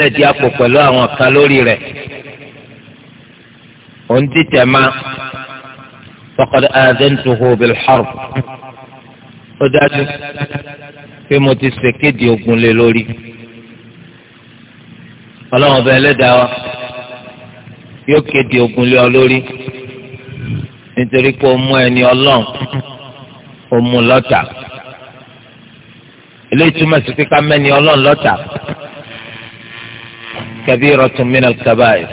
lẹ́ẹ̀dí àpò pẹ̀lú àwọn kan lórí rẹ̀ òun dìtẹ̀ ma faqad aadhantuhu bil harb ó dájú pé mo ti ṣèkéde ogun lé lórí ọlọ́run ọba ẹlẹ́dàá wa yóò kéde ogun lé ọ lórí nítorí pé o mú ẹni ọlọ́run o mú lọ́tà eléyìí túmọ̀ sí pé ká mẹ́ni ọlọ́run lọ́tà kabiratun min al-kaba'ir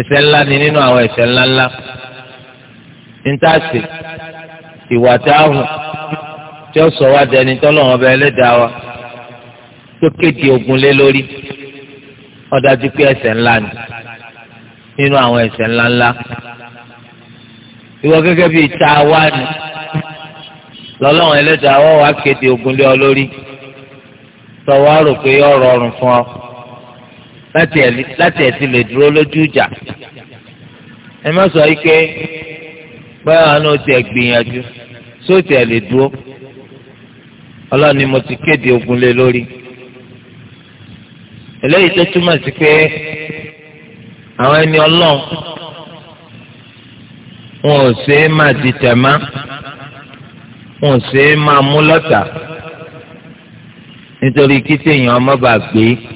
ẹ̀ṣẹ̀ ńlá ni nínú àwọn ẹ̀ṣẹ̀ ńlá ńlá ntaasi ìwà táàhùn tí ó sọ wá dẹni tọ́lọ́wọ́n bẹ ẹlẹ́dàá wa tó kéde ogun lé lórí ó dájú pé ẹ̀ṣẹ̀ ńlá ni nínú àwọn ẹ̀ṣẹ̀ ńlá ńlá ìwọ gẹ́gẹ́ bíi tá a wá ni lọ́lọ́wọ́n ẹlẹ́dàá wa wá kéde ogun lé ọ lórí tọ́wọ́ rò pé yọ rọrùn fún ọ láti ẹ̀ ti lè dúró lójú ìjà ẹ má sọ yìí pé báyọ̀ àánú ti ẹ̀ gbìyànjú sóòtì ẹ̀ lè dúró ọlọ́ọ̀ni mo ti kéde ogun lé lórí eléyìí tó túmọ̀ sí pé àwọn ẹni ọlọ́run wọn ò ṣe é máa di tẹ̀má wọn ò ṣe é máa mú lọ́tà nítorí kí téèyàn ọmọ bá gbé e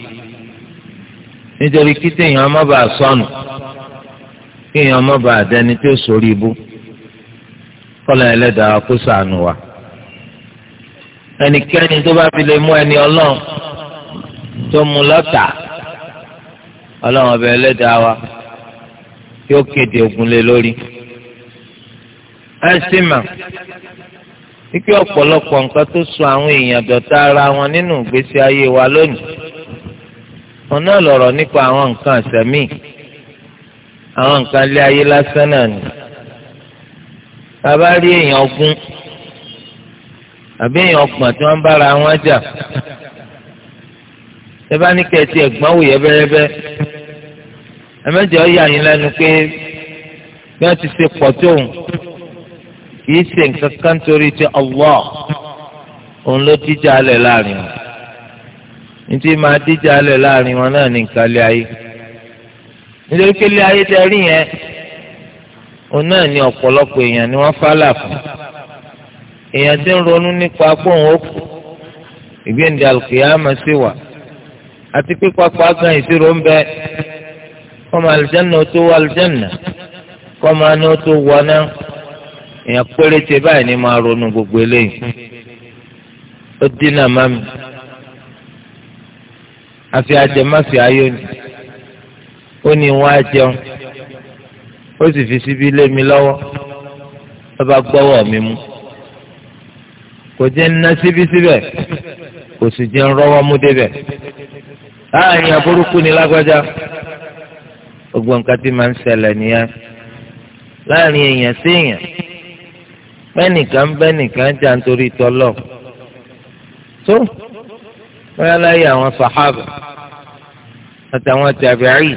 nítorí kí téèyàn má bàa sọnù kéèyàn má bàa dẹni tó sórí ibú kọlọ ẹlẹ́dàá kó ṣàánú wa ẹnikẹ́ni tó bá fi lè mú ẹni ọlọ́run tó mú lọ́tà ọlọ́run ọbẹ̀ ẹlẹ́dàá wa yóò kéde ogun lé lórí ẹsìmà wípé ọ̀pọ̀lọpọ̀ nǹkan tó sọ àwọn èèyàn dọ̀tá ara wọn nínú ìgbésí ayé wa lónìí wọn náà lọ̀rọ̀ nípa àwọn nǹkan àṣẹmí àwọn nǹkan ilé ayé lásán náà ni bàbá rí èèyàn ogún àbí èèyàn ọgbọ̀n tí wọ́n bára wọn jà ẹ bá ní kẹ̀tì ẹ̀gbọ́n wò yẹ́bẹ́yẹ́bẹ́ ẹ̀mẹ́jọ yà yín lẹ́nu pé bí wọ́n ti ṣe pọ̀ tó òun kì í ṣe nǹkan kan torí ti Allah òun ló díjà lẹ̀ láàrin wọn ntí máa díjà lẹ̀ láàrin wọn náà ní nǹkan lé ayé nítorí pé lé ayé tẹ rí yẹn òun náà ní ọ̀pọ̀lọpọ̀ èèyàn ni wọ́n fálà fún èèyàn tí ń ronú nípa gbóhùn òkú ìgbéǹde àlùkìyàmọ̀ sí wà àti pípapọ̀ agan ìṣirò ń bẹ kọ́mọ àlùjáná tó wọ àlùjáná kọ́mọ aná tó wọ náà èèyàn péréte báyìí ni máa ronú gbogbo eléyìí ó dínà má mi àfi ajẹmọ́sí ayé ni ó ní wọ́n á jẹun ó sì fi síbi lé mi lọ́wọ́ ó bá gbọ́wọ́ mi mú kò jẹ́ ń ná síbi síbẹ̀ kò sì jẹ́ ń mú débẹ̀ láàrin aburúkú ni lágbájá gbogbo nǹkan tí máa ń ṣẹlẹ̀ nìyẹn láàrin èèyàn sí èèyàn bẹ́nìkan bẹ́nìkan jà nítorí tọ́lọ̀ tó. So, wọ́n yá láyé àwọn sàhábà àtàwọn tàbíàrí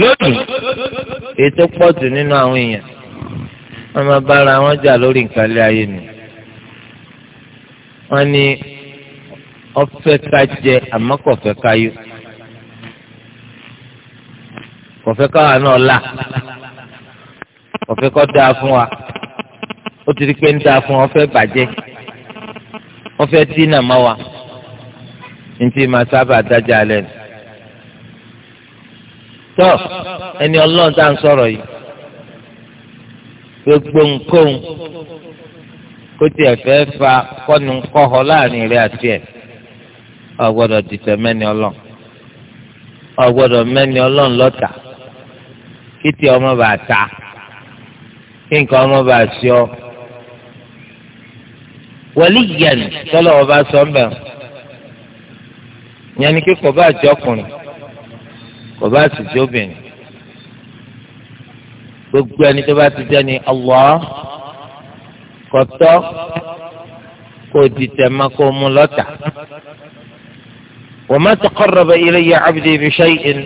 lónìí ètò pọ̀jù nínú àwọn èèyàn wọ́n máa bára wọn jà lórí nǹkan lé ayé ni wọ́n ní ọ̀fẹ́ ká jẹ àmọ́ kò fẹ́ ká yó kò fẹ́ káwa náà là kò fẹ́ kó dáa fún wa ó ti di pé ń dáa fún wa ó fẹ́ bàjẹ́ ó fẹ́ dínà má wa ntí máa sábà dájà lẹ nù. tọ́ ẹni ọlọ́run tá à ń sọ̀rọ̀ yìí gbogbo nǹkan kó tiẹ̀ fẹ́ fa kọ́nu kọ́họ láàrin rẹ̀ àti ẹ̀ ọ gbọ́dọ̀ dìtẹ̀ mẹ́ni ọlọ́run ọ gbọ́dọ̀ mẹ́ni ọlọ́run lọ́tà kí tí ọmọ bá ta kí nǹkan ọmọ bá ṣe ọ wọlé yẹn tọ́lọ́wọ́ bá sọ ń bẹ̀rù yẹn ni kí kò bá jẹ́ ọkùnrin kò bá sì jẹ́ obìnrin gbogbo ẹni tó bá ti jẹ́ ni Allah kọtọ kò dìtẹ̀ ma kò mú lọ́tà wa ma taqarraba ilayya abdi bi shay'in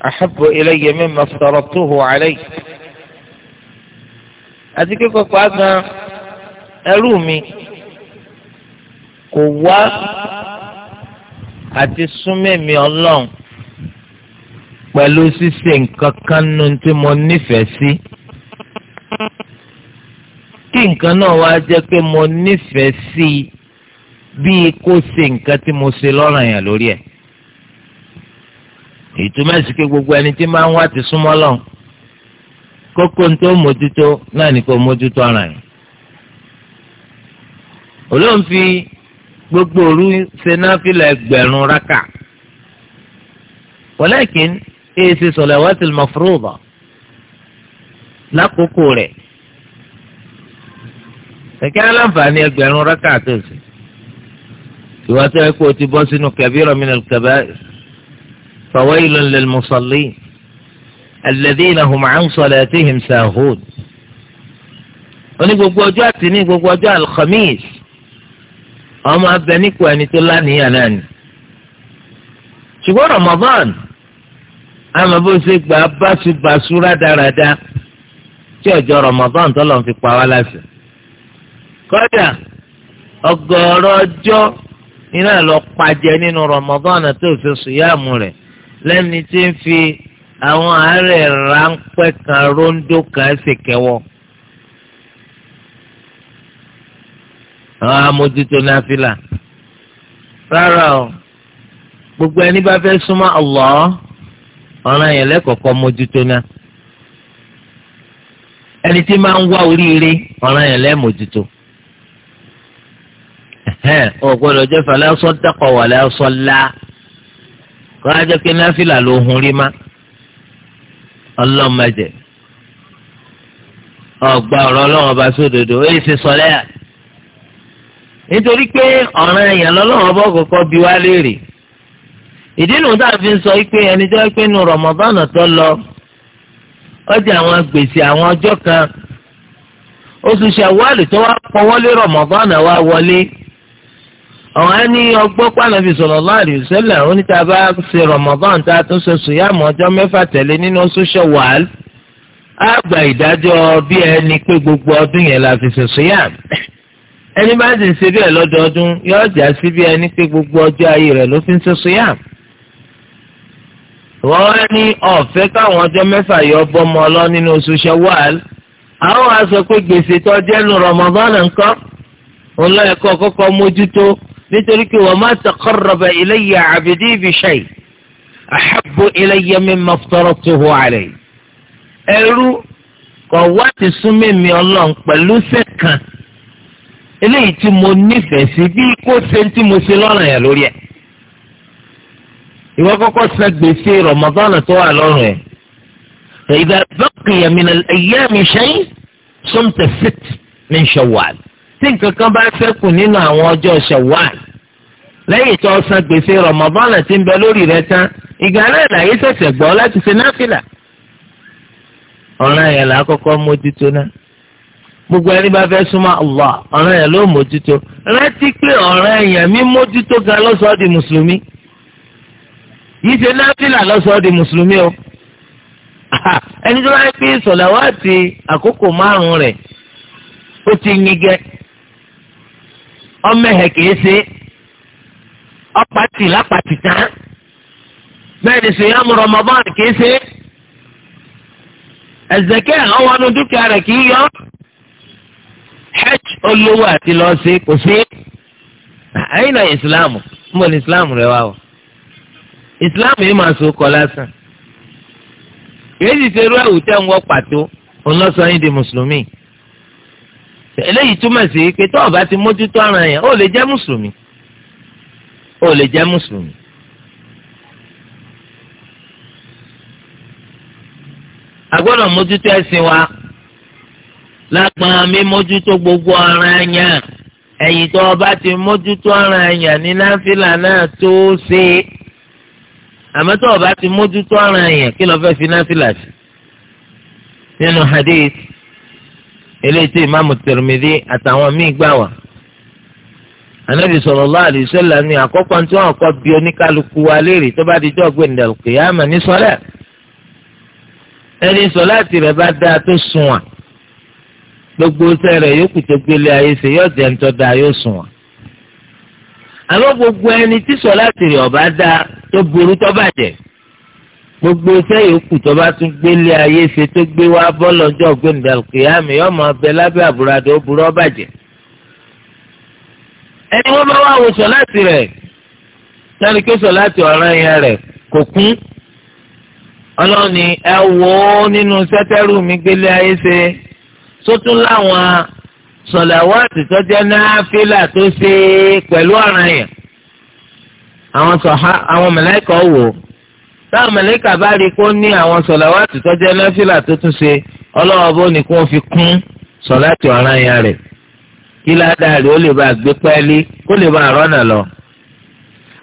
ahabba ilayya mimma aftaratuhu alayhi àti kíkọ́ pàgán ẹrú mi kò wá àti súnmẹ́mi ọlọ́run pẹ̀lú ṣíṣe nǹkan kan nù tí mo nífẹ̀ẹ́ sí kí nǹkan náà wá jẹ́ pé mo nífẹ̀ẹ́ sí bíi kó ṣe nǹkan tí mo ṣe lọ́ràn yẹn lórí ẹ̀ ìtumọ̀ sí pé gbogbo ẹni tí máa ń wá ti súnmọ́ lọ́hùn kókó tó mójútó náà ní kó mójútó ara yẹn olóhùn gbogbo orí ṣe náfìlà ẹgbẹ̀rún rákà walakin èyí ṣe salawatil mafruḍa lákòókò rẹ̀ kẹ̀kẹ́ aláǹfààní ẹgbẹ̀rún rákà tó ṣe ìwà tó yẹ o ti bọ́ sínú kabira minal kaba'ir fawailun lil musallin alladhina hum an salatihim sahun oní gbogbo ọjọ́ àti ní gbogbo ọjọ́ alkhamis. àwọn máa bẹ nípò ẹni tó lánìyàn náà ni ṣùgbọ́n Ramadan àmọ́ bó ṣe gbà báṣubàṣu rádaràda tí ọjọ́ Ramadan tó lọ́n fi pa wá láṣẹ. kọ́dà ọgọ́rọ̀ ọjọ́ iná lọ pàjẹ́ nínú Ramadan tó fi sùyàmù rẹ̀ lẹ́ni tí ń fi àwọn àárẹ̀ ráńpẹ́ kan róńdó kan ṣèkẹ́wọ́. àwọn ah, amójútó náfìlà rárá gbogbo ẹni bá fẹ́ súnmọ́ ọlọ ọ̀ràn yẹn lẹ́kọ̀ọ́kọ́ mójútó ẹni tí máa ń wá oríire ọ̀ràn yẹn lẹ́mójútó ọ̀ jẹ́ fàlẹ́ sọ́dákọ̀ wà lẹ́ sọ́lá kọ́ ló hun rí má ọlọ́mọdé ọgbà ọ̀rọ̀ nítorí pé ọ̀ràn èèyàn lọ́lọ́run ọbọ̀ kọ̀ọ̀kan bí wá léèrè ìdí nù fi ń sọ pé ẹni tó pé nù rọmọbánà tó lọ ọjà àwọn gbèsè àwọn ọjọ́ kan oṣù ṣàwọ́ọ̀lì tó wá pọ́wọ́lé rọmọbánà wá wọlé àwọn ẹni ọgbọ́n pàlọ́bì sallallahu alaihi wasallam oníta bá ṣe rọmọbánà a tún ṣe ẹni bá sì ń ṣe bẹ́ẹ̀ lọ́dọọdún yóò jà sí bí ẹni pé gbogbo ọjọ́ ayé rẹ̀ ló fi ń soso yá. wọ́n ní ọ̀fẹ́ káwọn ọjọ́ mẹ́fà yọ bọ́mọ ọlọ́ nínú oṣù Ṣawwal àwọn á sọ pé gbèsè tó jẹ́ nu Ramadan nǹkan òun lọ́ọ́ ẹ̀kọ́ kọ́kọ́ mójútó nítorí pé wa ma taqarraba ilayya abdi bi shay ahabbu ilayya mimma aftaratuhu alayhi ẹrú kọ̀ wá ti súnmẹ́mi ọlọ́run pẹ̀lú eléyìí tí mo nífẹ̀ẹ́ sí bí kò ṣe tí mo ṣe lọ́nà yẹn lórí ẹ̀. ìwọ kọ́kọ́ san gbèsè rọ̀mọ́dọ́nà tó wà lọ́rùn ẹ̀. ìdá bákìyà mi náà ẹ̀yẹ́ mi ṣẹ́yìn sọ́mtẹ̀ fit ní ṣọ̀wàl. tí nǹkan kan bá fẹ́kù nínú àwọn ọjọ́ ṣọ̀wàl. lẹ́yìn tó san gbèsè rọ̀mọ́dọ́nà tí ń bẹ lórí rẹ tán ìgbà náà làyé ṣẹ̀ṣẹ̀ gbọ́ láti ṣe náfìlà. ọ̀ràn yẹn là á kọ́kọ́ mójútó náà. gbogbo ẹni bá fẹ́ súnmọ́ Allah ọ̀rẹ́ yẹn ló mójútó rántí pé ọ̀rẹ́ yẹn mi mójútó ga lọ́sọ̀ọ́ di mùsùlùmí yìí ṣe náfìlà lọ́sọ̀ọ́ di mùsùlùmí o ẹni tó bá ń pín sọ̀làwátì àkókò márùn-ún rẹ̀ ó ti yingẹ ọmẹhẹ kìí ṣe ọpàtì lápàtì tán bẹ́ẹ̀ ni sèyàn Ramadan kìí ṣe ẹ̀zẹ̀kẹ́ àwọn ọ̀nù rẹ̀ kìí yọ. hajj olówó àti lọ sí kò sí ẹ̀yin náà ìsìláàmù ń bọ̀ ní ìsìláàmù rẹ wá o ìsìláàmù yìí máa so kọ lásán èyí ti rú ẹ̀wù tẹ́ ń wọ́ pàtó òun lọ di mùsùlùmí eléyìí túmọ̀ sí pé tó o bá ti mójútó ara yẹn ó lè jẹ́ mùsùlùmí ó lè jẹ́ mùsùlùmí. a mójútó ẹ̀sìn wa lágbọn mi mójútó gbogbo ọ̀ràn yẹn ẹ̀yìn tó ọba ti mójútó ọ̀ràn yẹn ní náfìlà náà tó ṣe àmọ́ tó ọba ti mójútó ọ̀ràn yẹn kí lọ́ọ́ fẹ́ fi náfìlà sí. nínú hadith eléyìí tí ìmáàmù Tirmidhi àtàwọn míì gbà wá anabi sallallahu alaihi wasallam ni àkọ́kọ́ tí wọ́n kọ́ bí oníkálukú wa léèrè tó bá di jọ́ọ̀gbìn dàlùkì yá mà ní sọ́lẹ̀ ẹni sọ́lá tirẹ̀ bá dáa tó sunwọ̀n gbogbo sẹ́rẹ̀ yókù tó gbélé ayé ṣe yóò jẹ́ ńtọ́ da yóò sùn wọ́n. àmọ́ gbogbo ẹni tí sọ láti rìn ọ̀bá dá tó burú tó bàjẹ́ gbogbo sẹ́ yòókù tó bá tún gbélé ayé ṣe tó gbé wá bọ́lọ́jọ́ gbẹ̀ǹdà kìyàmì yóò máa bẹ lábẹ́ àbúradà ó burú ọ̀bàjẹ́. ẹni wọ́n bá wà wò sọ láti rẹ̀ sani kí sọ láti ọ̀ràn yẹn rẹ̀ kò kún ọlọ́ni ẹ wò nínú sẹ́tẹ́rù mi gbélé ayé ṣe tó tún láwọn sọ̀làwátì tó jẹ́ náfìlà tó ṣe pẹ̀lú ọ̀ràn yẹn àwọn sọ̀há àwọn mẹ̀láìkà wò táwọn mẹ̀láìkà bá rí kó ní àwọn sọ̀làwátì tó jẹ́ náfìlà tó tún ṣe ọlọ́wọ́ bó ni kó fi kún sọ̀láàtì ọ̀ràn yẹn rẹ̀ kí ládàrí ó lè bá gbé pẹ́ẹ́lí kó lè bá rọ́nà lọ.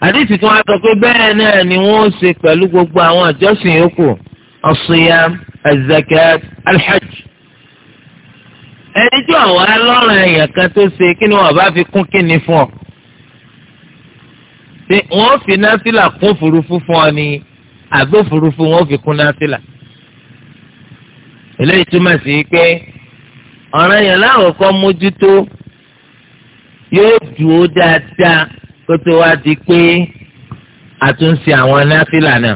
àdìsí tí wọ́n sọ pé bẹ́ẹ̀ náà ni wọ́n ṣe pẹ̀lú gbogbo àwọn àjọsìn yòókù as-siyam ẹni tí ọ̀wá lọ́rùn èèyàn kan tó ṣe kí ni wọ́n bá fi kún kí ni fún ọ. ṣé wọ́n fi násìlà kún òfurufú fún ọ ni àgbẹ̀ òfurufú wọ́n fi kún násìlà. eléyìí túmọ̀ sí pé ọ̀ràn yẹn láwòkọ́ mójútó yóò dúró dáadáa kó tó wá di pé àtúnṣe àwọn násìlà náà.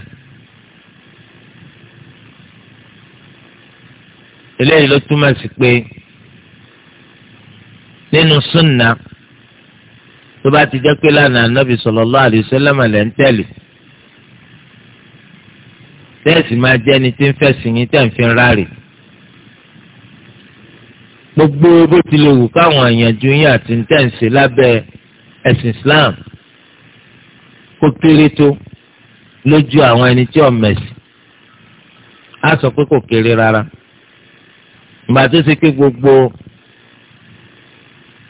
eléyìí ló túmọ̀ sí pé nínú súnà tó bá ti jẹ́ pé lánàá nàbì sallallahu alaihi wasallam lẹ́ ń tẹ̀lé tẹ́ẹ̀sì máa jẹ́ ẹni tí ń fẹ̀sìn yín tẹ̀ ń fi ráre gbogbo bó ti lè wù káwọn àyànjú yín àti tẹ̀sí lábẹ́ ẹ̀sìn Islam kó kéré tó lójú àwọn ẹni tí ò mẹ̀sìn á sọ pé kò kéré rárá ìgbà tó ṣe pé gbogbo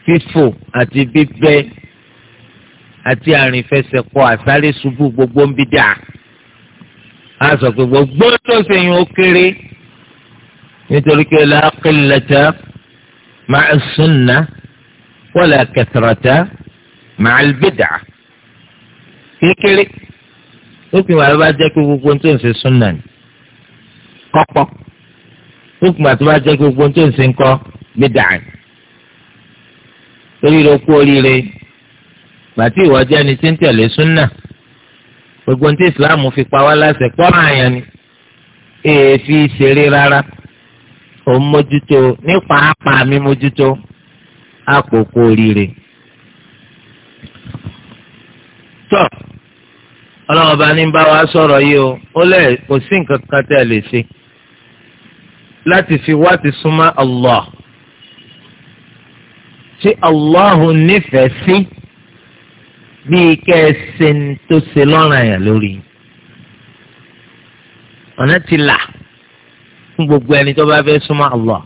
fífò àti bíbẹ́ àti àrìnfẹsẹ̀kọ àsálẹ̀ ṣubú gbogbo ń bí dà á sọ pé gbogbo tó ṣèyìn ó kéré nítorí pé láàkìlẹ̀tà máa súnà wọlé kẹtàràtà máa bìdà kékeré ó fi wàá bá jẹ́ pé gbogbo tó ń ṣe súnà ni kọ́pọ́ ó fi wàá tó bá jẹ́ pé gbogbo tó ń ṣe ń kọ́ bìdà ni oríire kú oríire gbàtí ìwọ jẹ́ ni tí ń tẹ̀lé súnà gbogbo ní islam fi pa wá láṣẹ pọ́nrán àyàn ni èè fi ṣeré rárá òun mójútó ní pàápàá mi mójútó àpòkò oríire. tọ́ ọlọ́run bá ní bá wa sọ̀rọ̀ yìí o ó lẹ̀ kò sí nǹkan kan tẹ̀ lè ṣe láti fi wá ti súnmọ́ Allah tí Allahu nífẹ̀ẹ́ sí bíi kẹ́ẹ̀sìn tó ṣe lọ́ràn yẹn lórí ọ̀nà ti là fún gbogbo ẹni tó bá fẹ́ súnmọ́ Allah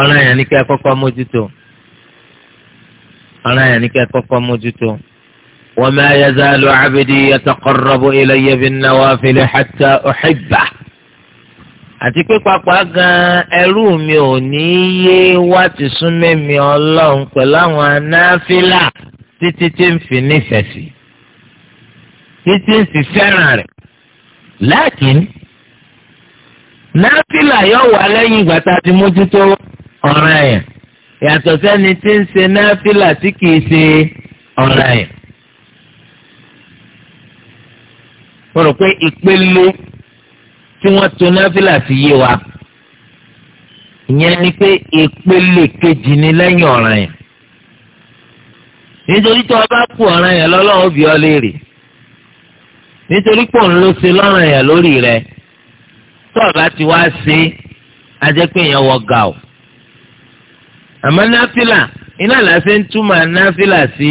ọ̀ràn yẹn ni kẹ́ ẹ kọ́kọ́ mójútó ọ̀ràn yẹn ni kẹ́ ẹ kọ́kọ́ mójútó. wa ma yazalu abdi yataqarrabu ilayya bin nawafili hatta uhibbahu. àti pé pàápàá gan ẹrú mi ò ní yé wá ti mi ọlọ́run pẹ̀lú àwọn anáfílà títí tí ń fi nífẹ̀ẹ́ sí títí ń sì fẹ́ràn rẹ̀ yóò wà lẹ́yìn ìgbà tá a ti mójútó ọ̀ràn yàtọ̀ sẹ́ni tí ń ṣe tí kìí ṣe ọ̀ràn mo rò pé ìpele tí wọ́n to náfìlà fi yé wa ìyẹn ni pé ìpele kejì ni lẹ́yìn ọ̀ràn yẹn nítorí tí wọ́n bá kú ọ̀ràn yẹn lọ́lọ́run bí ọ léèrè nítorí pò ń lọ sí lọ́ràn yẹn lórí rẹ̀ tó bá ti wá sí ajẹ́ pé èèyàn wọ gà o àmọ́ náfìlà iná làásì ń túmọ̀ náfìlà sí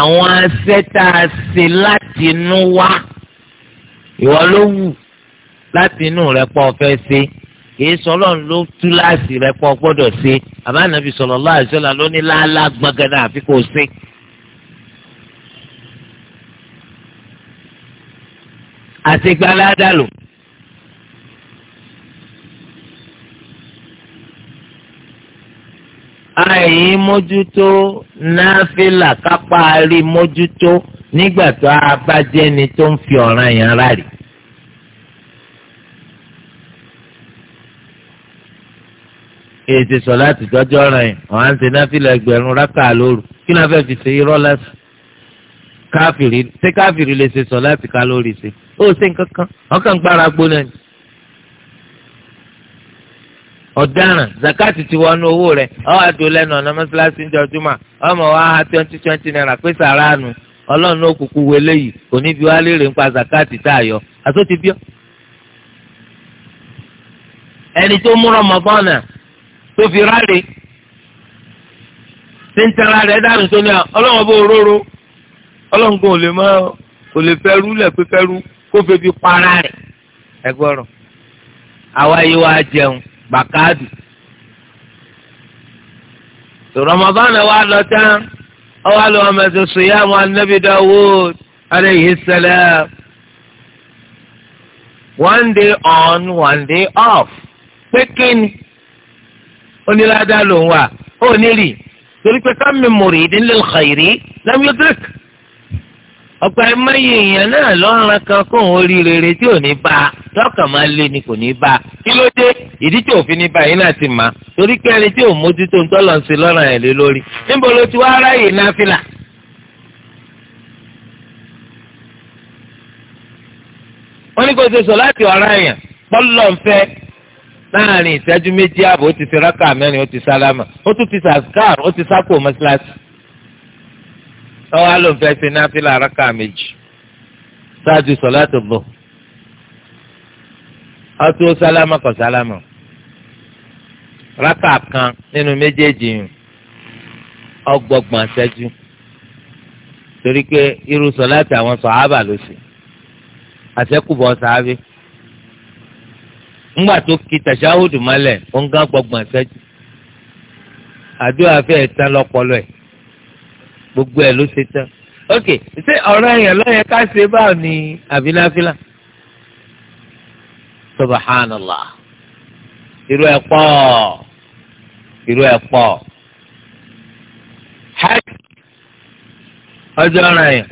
àwọn asẹ́tà sí látinú wá ìwọ ló wù láti inú rẹ pọ̀ fẹ́ ṣe kìí sọlọ́n ló tú láàsì rẹ pọ̀ gbọ́dọ̀ ṣe àbá nàbì sallallahu alaihi wasallam ló ní láàlá gbọ́ngàdà àfi kò ṣe. àtìgbàládàlù. àyìn mójútó náfìlà kápá rí mójútó nígbà tó a bá jẹ́ni tó ń fi ọ̀ràn yẹn rárẹ̀. ètè sọ̀lá àtijọ́jọ́ rẹ̀ ọ̀hán ń ṣe náfìlà ẹgbẹ̀rún rákà lóru kí náà fẹ́ẹ́ fi ṣe irọ́ lẹ́sìn káfìrí ṣé káfìrí lè ṣe sọ̀lá àti kálórì ṣe ó ṣe nǹkan kan ọkàn gbára gbóná ni. ọ̀daràn zakati ti wọnú owó rẹ̀ ọ́ àdó lẹ́nu ọ̀nà mọ́ṣáláṣí ní ọjọ́mọ́ ọmọ wa ha twenty twenty naira pé sàránù ọlọ́run ó kúkú wọlé kò ní bí wá léèrè ń pa zakati tá a yọ àtúntì bíọ́. ẹni tó múra mọ́ tó fi ráre ṣé ń tẹ́ra rẹ̀ dànù tó ní ọlọ́wọ́n bó róró ọlọ́run kò lè mọ kò lè fẹ́rú lẹ̀ pé fẹ́rú kó febi para rẹ̀ ẹgbọ́rọ̀ àwa yìí wá jẹun bàkáàdù tòrọmọbánà wa lọ tán ọwọ́ àlọ́ ọmọ ẹ̀sìn sùyàmù anábì Dawud alayhi one day on one day off pé onílàdá ló ń wà ó ní rì torí pé kámi muridin lil khairi lam yudrik ọ̀pọ̀ ẹ̀mọ́yé èèyàn náà lọ́rùn kan kó òun rí rere tí ò ní bá a lọ́kàn máa lé ni kò ní bá a kí ló dé ìdí tí òfin ní bá yín náà ti mà torí pé ẹni tí ò mójútó ń tọ́lọ̀ ń ṣe lọ́rùn ẹ̀ lé lórí níbo ló ti wá ráàyè náfìlà. wọ́n ní kó ṣe sọ láti ọ̀ràn èèyàn pọ́lọ́ láàrin ìṣẹ́jú méjì ààbò ó ti ṣe rákà mẹ́rin ó ti sálámà ó tún ti sàkáàr ó ti sákò mọ́ṣáláṣí. ọwọ́ àlọ́ fẹ́ ṣe náfìlà rákà méjì ṣáájú sọ̀láàtì bọ̀ ọtún ó sálámà kọ̀ sálámà rákà kan nínú méjèèjì yìí ọgbọ̀gbọ̀n ṣẹ́jú torí pé irú sọ̀láàtì àwọn sọ̀hábà ló ṣe àṣẹ́kùbọ̀ sàábì ńgbà tó ki tàṣáhùdù mọ́lẹ̀ ó ń gán gbọgbọ̀n sẹ́jú àdúrà fẹ́ tán lọ́pọlọ ẹ̀ gbogbo ẹ̀ ló ṣe tán ok ṣé ọ̀rọ̀ ẹ̀yàn lọ́yẹ ká ṣe báwo ni àbínáfílà subhanallah irú ẹ̀ pọ̀ irú ẹ̀ pọ̀ hajj ọjọ́ ọ̀rọ̀ ẹ̀yàn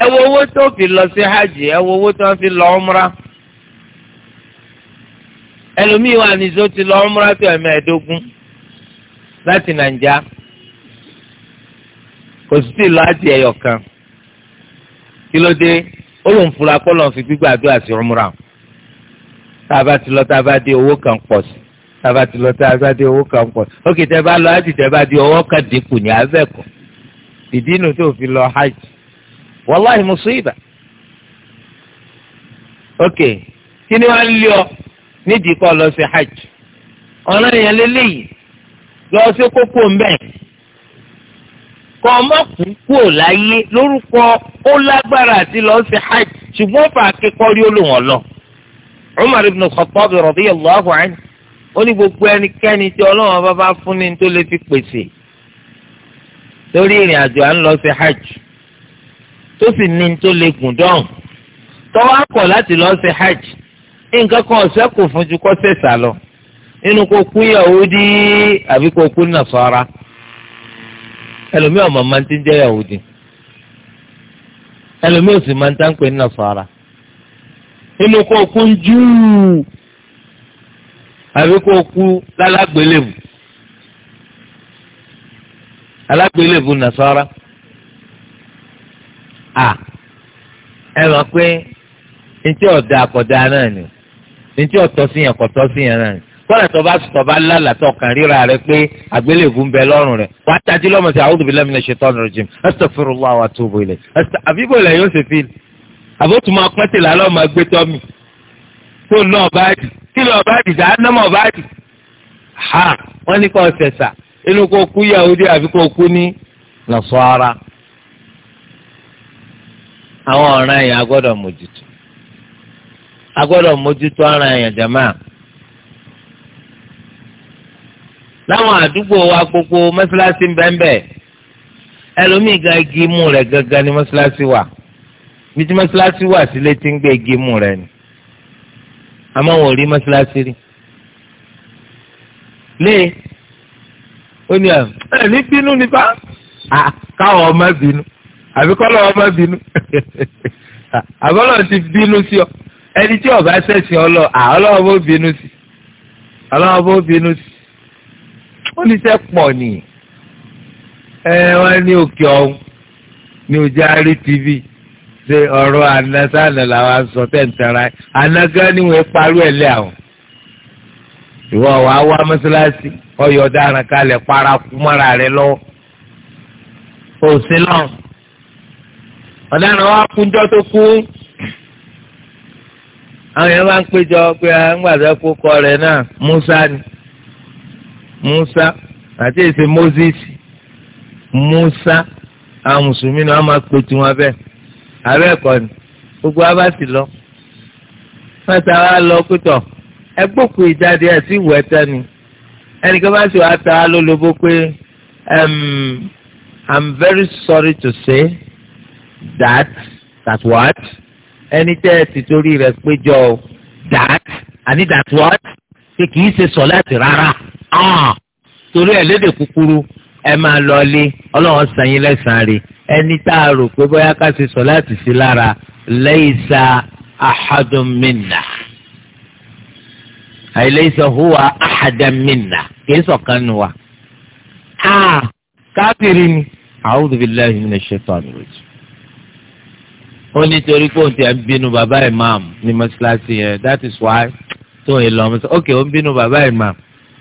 ẹ wo fi lọ sí hajj ẹ wo fi lọ umrah. ẹlòmíì wà ní zó ti lọ ọmúra tó ẹ̀mẹ́ẹ̀dógún láti nàìjíríà kò sì tí lọ àti kan kí ló dé fi owó kan pọ̀ sí tá ti lọ dé owó kan pọ̀ ókè tẹ́ bá lọ àti tẹ́ bá dé owó kan dínkù ní ìdí fi lọ hajj wàláhì musiba ókè kí ni ọ. nídìí kọ́ lọ sí hajj ọ̀nà yẹn lélẹ́yìí lọ sí kókó mbẹ́ kọ́ ọmọkù kúò láyé lórúkọ ó lágbára àti lọ sí hajj ṣùgbọ́n fà kékọ́rí olùwọ̀n lọ. Umar ibn Khattab radiyallahu anhu ó ní gbogbo ẹnikẹ́ni tí ọlọ́run bá bá fún ni tó lè fi pèsè lórí ìrìn àjò à ń lọ sí hajj tó sì ní tó lè gùn dán tọ́wọ́ akọ̀ láti lọ sí hajj nǹkan kan ọ̀sẹ̀ kò fún ju kọ́ lọ nínú kó kú Yahudi àbí kó kú Nasara ẹlòmíì ọ̀mọ̀ máa ti ń jẹ́ Yahudi ẹlòmíì òsì máa ń tán pé Nasara nínú kó kú ń Júù àbí kó kú lálágbélébù alágbélébù Nasara à pé ọ̀dà ní tí ọ̀tọ́ sí yẹn kọ̀tọ́ sí yẹn náà kọ́lá tó bá tó bá lálà tó kàn ríra rẹ pé àgbélébùú ń bẹ lọ́rùn rẹ wà á tají lọ́mọ sí a'udhu billahi minash shaitani rajim astaghfirullah wa atubu ilayh àbíbò ilẹ̀ yóò ṣe fíìlì àbótú máa pẹ́ tìlà lọ́mọ gbé tọ́mì tó ná ọba àdì kí lọ ọba àdì dáa nọ́mọ ọba àdì ha wọ́n ní kọ́ ṣẹ̀ṣà inú kó kú Yahudi àbí kó kú ní Nasara àwọn ọ̀ràn yẹn agbọ́dọ̀ mójútó a gbọ́dọ̀ mójútó ara èèyàn jàmáà. láwọn àdúgbò wa gbogbo mọ́ṣáláṣí ń bẹ́ńbẹ́ ẹlòmíì gan igi imú rẹ̀ gangan ni mọ́ṣáláṣí wà bí tí mọ́ṣáláṣí wà sílé tí ń gbé igi imú rẹ̀ ni àmọ́ wọn ò rí mọ́ṣáláṣí rí. lé ó ní ẹ ní bínú ní bá káwọn ọmọ bínú àbí kọ́lọ́ ọmọ bínú àbọ́lọ́ ti bínú sí ọ ẹni tí ọba ṣẹ̀sìn ọlọ ọlọ́wọ́ bó bínú sí ọlọ́wọ́ bó bínú sí ó ní sẹ́ pọ̀ ní ẹ wọ́n ní òkè ọ̀hún ní ojú àárí tv ṣe ọ̀rọ̀ anásánà làwọn sọ tẹ̀ǹtẹ̀ra anágá ni wọ́n parí ẹ̀ lẹ́ àwọn ìwọ wà á wá mọ́ṣáláṣí ọyọ̀ ọ̀daràn kalẹ̀ para kúmọ́ra rẹ lọ́wọ́ òsínlọ́ọ̀ ọ̀daràn wa kúnjọ́ tó kú àwọn yẹn máa ń péjọ pé àgbàdo kó kọ rẹ̀ náà Musa ni Musa àti èsè Moses Musa àwọn mùsùlùmí ni wọ́n máa pè tiwọn bẹ́ẹ̀ àbẹ́ ẹ̀kọ́ ni gbogbo wa bá sì lọ wọ́n ta wá lọ pítọ̀ ẹ gbókùn ìjáde ẹ̀ sí ìwẹ̀ ni ẹnìkan bá sì wá ta wá lólobó pé I'm very sorry to say that that what. ẹni tẹ́ ẹ ti torí rẹ̀ péjọ o dat àní that what pé kì í ṣe sọ̀láàtì rárá ah, torí ẹ̀ lédè kúkúrú ẹ máa lọ ilé ọlọ́run san yín lẹ́sàn-án rẹ̀ ẹni tá a rò pé bóyá ká ṣe sọ̀láàtì sí lára huwa ahadan Ka kìí sọ̀kan nu wa. Ah, káfíìrì ni a'udhu billahi minash shaitani rajim. ó ní torí pé òun ti ń bínú bàbá imam ní mọ́ṣáláṣí yẹn that is why tó ń lọ mọ́ṣáláṣí ok ó ń bínú bàbá imam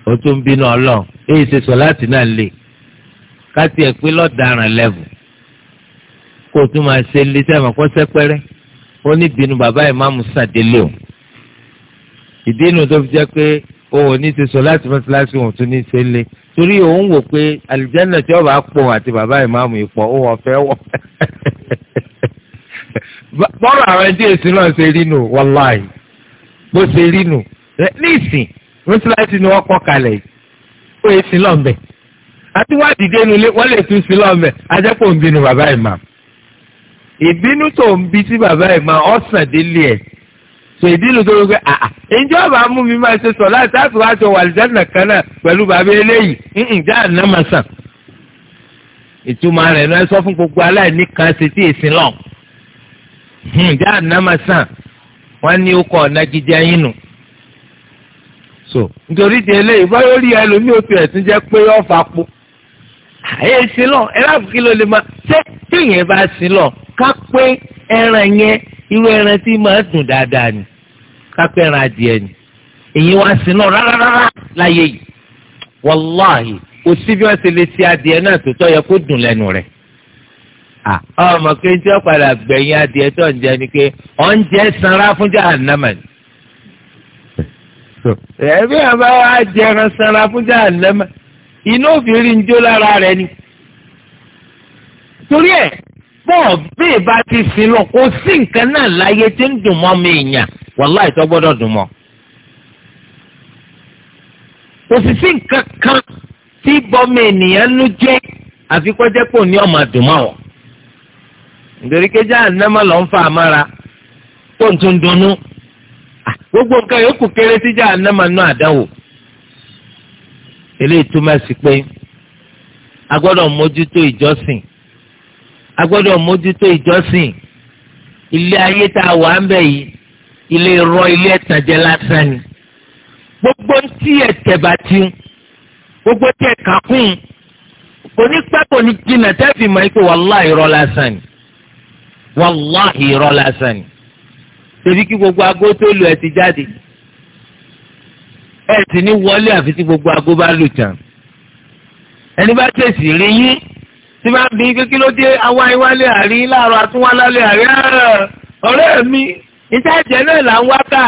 ó tún ń bínú ọlọ́run èyí ṣe sọ láti náà lè káti ẹ̀ pé lọ́daràn lẹ́bù kó o tún máa ṣe lé sẹ́wọ̀n kó sẹ́pẹ́rẹ́ ó ní bínú bàbá imam sàdélé o ìdí inú tó fi jẹ́ pé òun ní ti sọ láti mọ́ṣáláṣí òun tún ní ṣe lé torí òun wò pé àlìjẹ́nà tí ọba imam yìí pọ̀ ó wọ́n Bọrọ àwọn ẹdí èsì náà ṣe rí nù wàláì bó ṣe rí nù ní ìsìn ni wọ́n kọ́ kalẹ̀ ó yẹ sí lọ́nbẹ̀ àti wá dìde nulẹ̀ wọ́n lè tún sí lọ́nbẹ̀ ajẹ́pọ̀ ń bínú bàbá ìmà ìbínú tó ń bí sí bàbá ìmà ọ̀sán délé ẹ̀ sọ ìdílù tó wípé àà ǹjẹ́ ọba mú mi máa ṣe sọ láti láti wá sọ wàlìjánà kan náà pẹ̀lú bàbá eléyìí ǹjẹ́ sọ fún gbogbo ǹjẹ́ hmm, ànámà sàn wọ́n ní ó ọ̀nà jíjẹ so nítorí di eléyìí báyọ̀ rí ẹlòmíì ó ẹ̀sìn jẹ́ pé yọ̀ fà po. àyè sílọ̀ ẹ kí ló lè máa ṣé bá sílọ̀ ká pé ẹran yẹn irú ẹran tí máa dùn dáadáa ni ká pé ẹran adìẹ ni èyí wá sílọ̀ láyé yìí wàláhì bí wọ́n ti lè ṣe adìẹ náà tó tọ́ yẹ kó dùn lẹ́nu rẹ̀ Ah. ọmọ kéńtì ọ̀padà gbẹ̀yìn adìẹ tó ń jẹ ni pé sanra fún jahannama ni. ẹ̀mí àbá wa jẹran sanra fún jahannama ń lára rẹ ni. torí ẹ̀ bọ́ọ̀ bẹ́ẹ̀ bá ti sin lọ kó sí nǹkan náà láyé tí ń dùn mọ́ mi gbọ́dọ̀ dùn mọ́. kò sì sí nǹkan kan tí nítorí pé jahannama lọ ń fa àmàrà tó ń tún dunnú gbogbo nǹkan yòókù kéré sí jahannama nù àdánwò eléyìí túmọ̀ sí pé a gbọ́dọ̀ mójútó ìjọsìn a gbọ́dọ̀ mójútó ìjọsìn ilé ayé tá a wà ń bẹ̀ yìí ilé rọ ilé lásán ni gbogbo tí ẹ̀tẹ̀ bá ti ń gbogbo tí ẹ̀ka kún un kò ní pẹ́ kò ní jìnnà tẹ́fì lásán ni wàláhì irọ́ lásán ni tẹbi kí gbogbo aago tó lu ẹ ti jáde ẹ sì ní wọlé àfi tí gbogbo aago bá lù tán ẹni bá tẹ̀sí rí yín tí bá bí kékeré ló dé awa iwálé àrí láàárọ̀ àtúnwá lálẹ́ àrí ọ̀rẹ́ mi níta jẹ náà là ń wá kà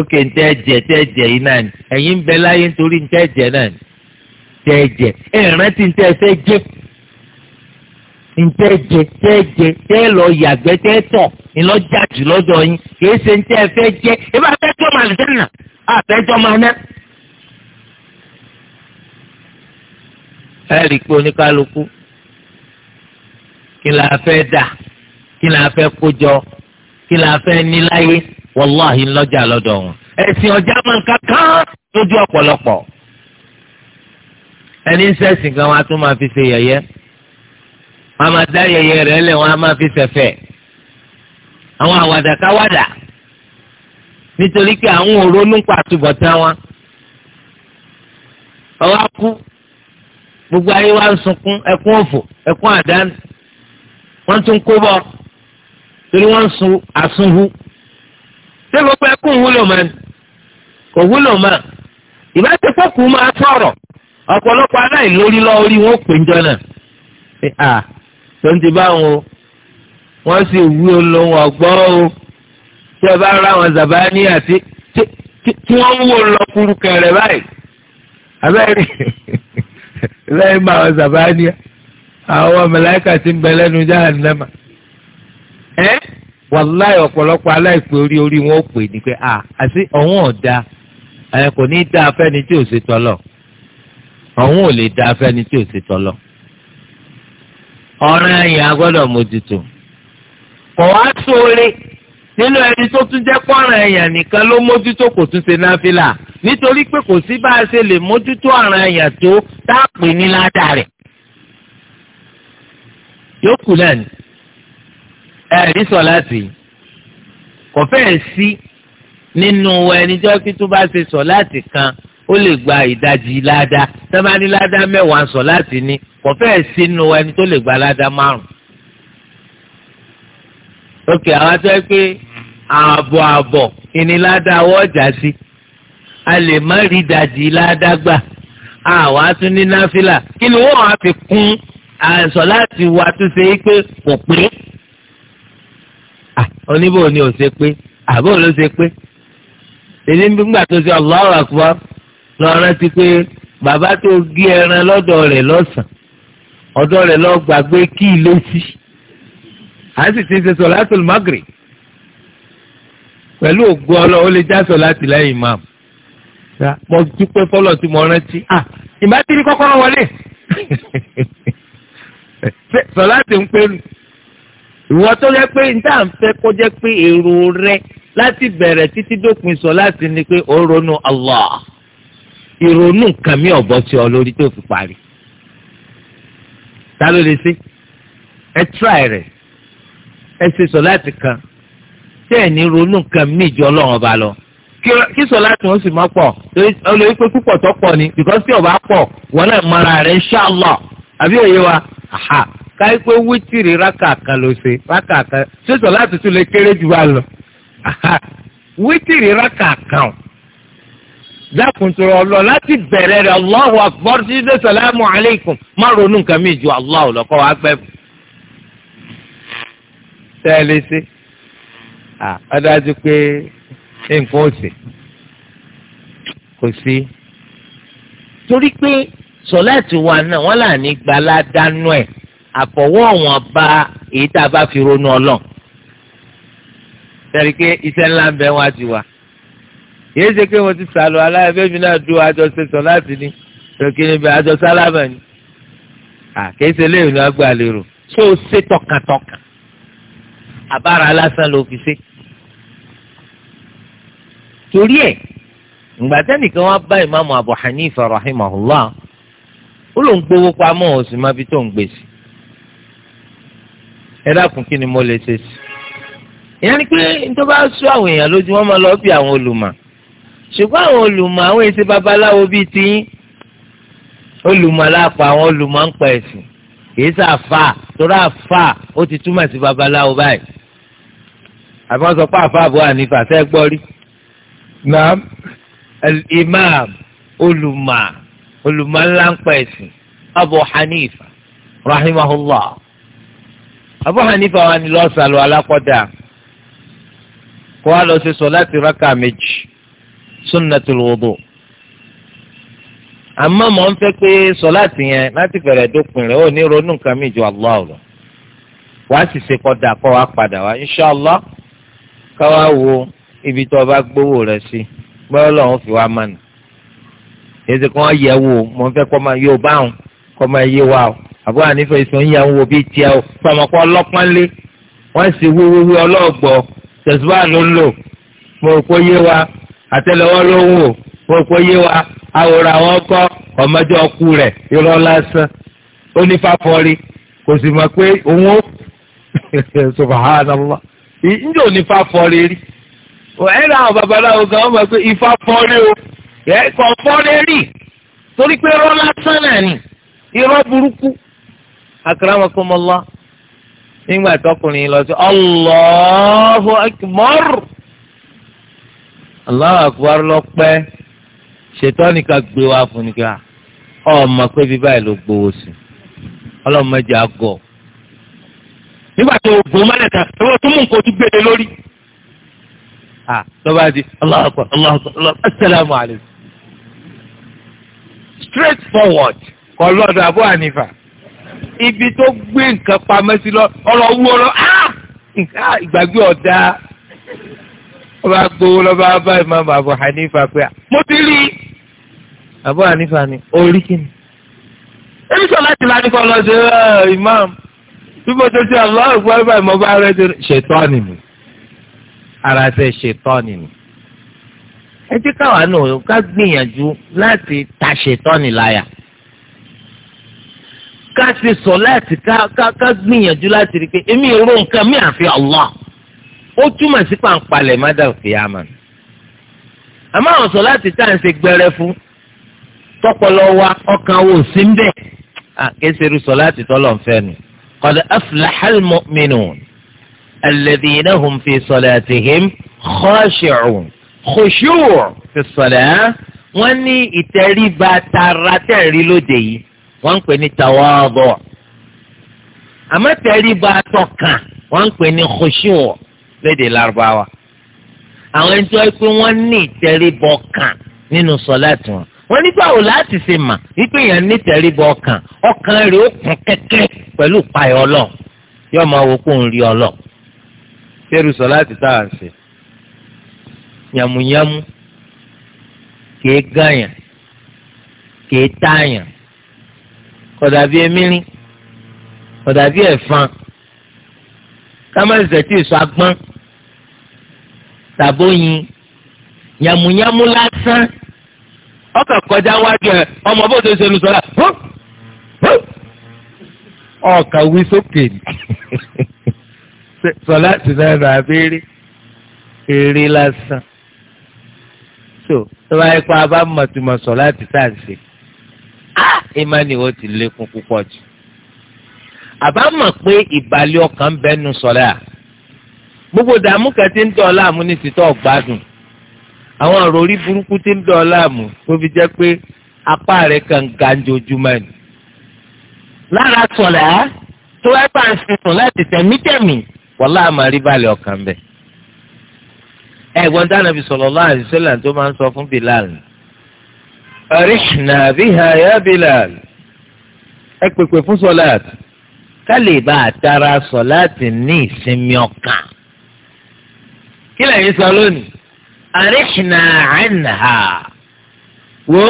ok ntẹ jẹ tẹ jẹ yìí náà ni ẹ̀yin ń bẹ láyé nítorí ntẹ jẹ náà ni tẹ jẹ ẹ ntẹ fẹ́ jẹ ntẹ jẹ tẹ jẹ tẹ lọ yàgbẹ́ tẹ tọ̀ ìlọjà jù lọ́dọ̀ yín kì í ṣe ntẹ fẹ́ jẹ ebí afẹjọ máa lè nà afẹjọ máa ná. ẹ rí i pé oníkálukú kí la fẹ́ dà kí la fẹ́ kójọ kí la fẹ́ níláyé wàláhì ńlọ́jà lọ́dọ̀ wọn. ẹ̀sìn ọjà máa ń kankan lójú ọ̀pọ̀lọpọ̀ ẹni ń sẹ́sìn gan wa tún máa fi ṣe yẹ̀yẹ́. wọn a máa dá yẹyẹ rẹ lẹ wọn a máa fi fẹ̀fẹ̀ àwọn àwàdàkáwàdà nítorí pé àwọn ò wọn ọwọ́ gbogbo ayé wa ń sunkún ẹkún òfò ẹkún àdánù wọ́n tún kó bọ̀ torí wọ́n ń sun àsunhu ṣé gbogbo ẹkún wúlò kò wúlò ìbáṣe máa aláìlórí wọn ò pè ń jọ tó ń ti báwọn o wọ́n sì wí olóhùn ọ̀gbọ́n o tí ẹ bá ra àwọn zabani àti tí wọ́n ń wò lọ kúrú kẹrẹ báyìí abẹ́rẹ́ lẹ́yìn bá àwọn zabani àwọn màláíkà ti ń bẹ lẹ́nu jahannama ẹ́ wàláì ọ̀pọ̀lọpọ̀ aláìpẹ́ orí orí wọn ò pè ní pé à àti ọ̀hún ọ̀dà ẹ̀ kò ní í dá afẹ́ni tí ò ṣe tọ́lọ̀ ọ̀hún ò lè dá afẹ́ni tí ò ṣe tọ́lọ̀ ọ̀ràn ẹ̀yìn agbọ́dọ̀ mójútó kò wá sóore nínú ẹni tó tún jẹ́ pọ́nrán ẹ̀yàn nìkan ló mójútó kò tún ṣe náfìlà nítorí pé kò sí bá a ṣe lè mójútó ọ̀ràn ẹ̀yàn tó dáàpè ní ládàá rẹ̀ yókù náà ni ẹ̀rí sọ láti kò fẹ́ẹ̀ sí nínú ẹni jọ́ kí tó bá ṣe sọ láti kan ó lè gba ìdajì ládàá tẹ́mání ládàá mẹ́wàá sọ láti ní kò fẹ́ẹ̀ sínú ẹni tó lè gba ládàá márùn. ókè àwọn tó yẹ pé ààbọ̀ ààbọ̀ ìníládàá wọ́ọ̀jà sí a lè má rí ìdajì ládàá gbà àwọn atún ní náfìlà kí ni wọ́n á fi kún àìsàn láti wá tó ṣe é pé kò pé oníbò ni ò ṣe pé àbò ló ṣe pé èyí nígbà tó ṣe Allahu Akbar lọ rántí pé bàbá tó gé ẹran lọ́dọ̀ rẹ̀ lọ́sàn ọ̀dọ̀ rẹ̀ lọ gbàgbé kí ilé sí a sì ti ṣe sọ̀látùl Maghrib pẹ̀lú ògo ọlọ́ ó lè já sọ̀látì lẹ́yìn imam mo dúpẹ́ fọlọ́ tí mo rántí à ìbátí ni kọ́kọ́rọ́ wọlé sọ̀látì ń pé nu ìwọ tó jẹ́ pé níta ń fẹ́ kó jẹ́ pé èrò rẹ láti bẹ̀rẹ̀ títí dópin sọ̀látì ni pé ó ronú Allah ìrònú nǹkan mi ọ̀bọ tí ọ lórí tó fi parí ta ló lè ṣe ẹ tíráì rẹ ẹ ṣe sọ láti kan tẹ́ ẹ̀ ní ronú nǹkan mi jọ ọlọ́run ọba lọ kí sọ láti wọn sì máa pọ̀ olórí pé púpọ̀ tó pọ̀ ni because tí ọba pọ̀ wọn náà mara rẹ̀ inshallah àbí òye wa aha káyí pé wítìrì rákà kan ló ṣe rákà kan ṣé sọ láti tún lè kéré jù wá lọ aha wítìrì rákà kan o dákùntòrò ọlọ láti bẹ̀rẹ̀ rẹ̀ Allahu akbar sí ṣe sàlámù alaykum má ronú nǹkan mi ju Allahu lọ́kọ́ wa gbẹ́ fún. tẹ́lẹ̀ sí ọ dájú pé nǹkan ò sí kò sí torí pé sọláàtì wa náà wọn là ní gbala dánú ẹ àfọwọ́ wọn bá èyí tá a bá fi ronú ọlọ́n. sẹ́rí pé iṣẹ́ ńlá ń bẹ wá ti wa yéé ṣe pé mo ti sàlù aláìbẹ́mi náà dúró àjọṣeṣọ láti ní ṣèkìní bẹ àjọṣálábà ni àkéṣe léèrè ní agbá lérò tó o ṣe tọkàntọkàn àbára lásán ló fi ṣe. torí ẹ̀ ìgbàdá nìkan wá bá ìmáàmù Abu Hanifa rahimahullah ó ló ń gbowó pamọ́ ó sì máa fi tó ń gbé sí ẹ dákun kí ni mo lè ṣe sí ìyẹn ni pé nítorí bá sọ àwọn èèyàn lójú wọn máa lọ bí àwọn olùmọ̀ ṣùgbọ́n àwọn olùmọ̀ àwọn èsì babaláwo bíi tiyín olùmọ̀ lápá àwọn olùmọ̀ ń pa ẹ̀sìn kìí sàfà torí àfà ó ti túmọ̀ sí babaláwo báyìí àbọ̀n sọ pé àfà àbúrò ànífà fẹ́ gbọ́ rí naam imam olùmọ̀ olùmọ̀ ńlá ń pa ẹ̀sìn Abu Hanifa rahimahullah Abu Hanifa wa ni lọ́sàlù alákọ̀dá kó wa lọ sí sọ láti rákà méjì sunnatul wudu àmọ́ mọ̀ ń fẹ́ pé sọláàtì yẹn láti fẹ̀rẹ̀ dópin rẹ̀ ó ní ronú nǹkan mi ju allah lọ wàá sì ṣe kọ́dà kọ́ wa padà wá inṣọ́lá ká wá wo ibi tó o bá gbowó rẹ̀ sí bọ́ọ̀ lọ́hún fi wá mọ̀nà èsì kan yẹ wo mọ̀ ń fẹ́ kọ́ máa yé o báwọn kọ́ máa yé wa o àbúrò ànífẹ́ ìsọ̀ ń yà ń wo bíi tiẹ̀ o fọmọkọ ọlọ́pọ́nlé wọ́n sì wíwíwí ọlọ́ọ̀gbọ́ tẹ̀síwá ló ń lò mo rò yé wa àtẹ́lẹwọ́ ló ń wò gbogbo yé wa àwòrán àwọn ọkọ ọmọdé ọkù rẹ̀ irọ́ lásán ó ní fáfọrí kò sì mọ̀ pé òun ó subhanallah njẹ́ ò ní fáfọrí rí ẹ̀ àwọn babaláwo gan ọmọ pé o ẹ̀ kọ́ fọ́rí rí torí pé irọ́ lásán náà ni burúkú nígbà tọkùnrin lọ sí Allahu Akbar lọ́pẹ́ ṣètọ́ni ká gbé wa fún ni ká ọmọ pé bí báyìí ló gbowó sí ọlọ́mọdé àgọ́. nígbà tó o gbó mọ́lẹ̀ kan owó tó mú nǹkan ojú gbèdé lórí. lọ́ba di Allahu Akbar Allahu Akbar Allahu Akbar straight forward kọ lọ́dọ̀ Abu Hanifa ibi tó gbé nǹkan pamẹ́ sí lọ ọ̀rọ̀ wú ọ̀rọ̀ ah! ìgbàgbé ọ̀dà wọ́n bá gbowó lọ́ba bá ìmáàmù Abu Hanifa pé mo ti rí Abu Hanifa ni orí kìíní. ebi sọ láti lánìí kọ́ lọ sí ìmáàmù ah, bí mo ti ṣe àlọ́ ìgbọ́ ìgbà ìmọ̀ bá rẹ̀ ṣètọ́ni ni ara ṣe ṣètọ́ni ni. ẹ jẹ́ káwa náà ká gbìyànjú láti ta ṣètọ́ni láyà ká ṣe sọ láti ká gbìyànjú láti rí i pé èmi ò nǹkan mi àfi Allah ó túmọ̀ sí pàǹpalẹ̀ mádàl kìyàmà àmọ́ àwọn sọ láti tá à ń ṣe gbẹrẹ fún tọpọlọ wa ọkàn wo sí ń bẹ àkẹsẹrù sọ láti tọlọ ń fẹ nu qad aflahal mu'minun alladhina hum fi salatihim khashi'un khushu' fi salah wọ́n ní ìtẹríba tara tẹrí lóde yìí wọ́n ń pè ní tawadu àmọ́ tẹríba tọkàn wọ́n ń pè ní khushu' lédè lárúbáwá àwọn ẹni tó yẹ pé wọ́n ní ìtẹríbọ kan nínú sọláàtì wọn wọ́n ní báwo láti ṣe mà wípé èèyàn ní ìtẹríbọ ọkàn ọkàn rẹ̀ ó kún kẹ́kẹ́ pẹ̀lú payọ Ọlọ́run yóò máa wo kó ń rí Ọlọ́run fẹrù sọláàtì tá à ń ṣe yàmùyàmù kìí gàyàn kìí tààyàn kódà bíi emírin kódà bíi ẹ̀fọn sámẹ́sẹ̀ tí èso agbọ́n tàbóyin yàmùyàmù lásán ọkọ̀ kọjá wájú ẹ ọmọ bó ṣe ṣe lùsọ̀rọ̀ ọkà wí sókè ní sọlá ti náà nà abéèrè eré lásán so tó bá yẹ kó a bá mọ̀tìmọ̀ sọlá ti sáà ṣe ìmánìwó ti lékún púpọ̀ jù àbá mọ̀ pé ìbàlẹ̀ ọkàn bẹ́nu sọ̀rọ̀ à gbogbo dààmú kẹtí ń dọ̀ láàmú ní títọ́ gbádùn àwọn àròrí burúkú tí ń dọ̀ láàmú tó fi jẹ́ pé apá rẹ̀ kàn ga ojoojúmọ́ ni. lára sọ̀rọ̀ à tó ẹ bá ń sùn láti tẹ̀mítẹ̀mí wọ́lá ọkàn bẹ̀. ẹ̀gbọ́n dáná fi sọ̀rọ̀ lọ́wọ́ àdìsọ́là tó máa ń sọ fún Bilal. ọ̀rẹ́ ṣìnà Bilal ẹ pèpè fún sọ̀lá àti. kálí bá a tara sọ láti ní ìsinmi ọkàn. kí lẹ́yìn sọ lónìí àríṣìnà àìnàá wo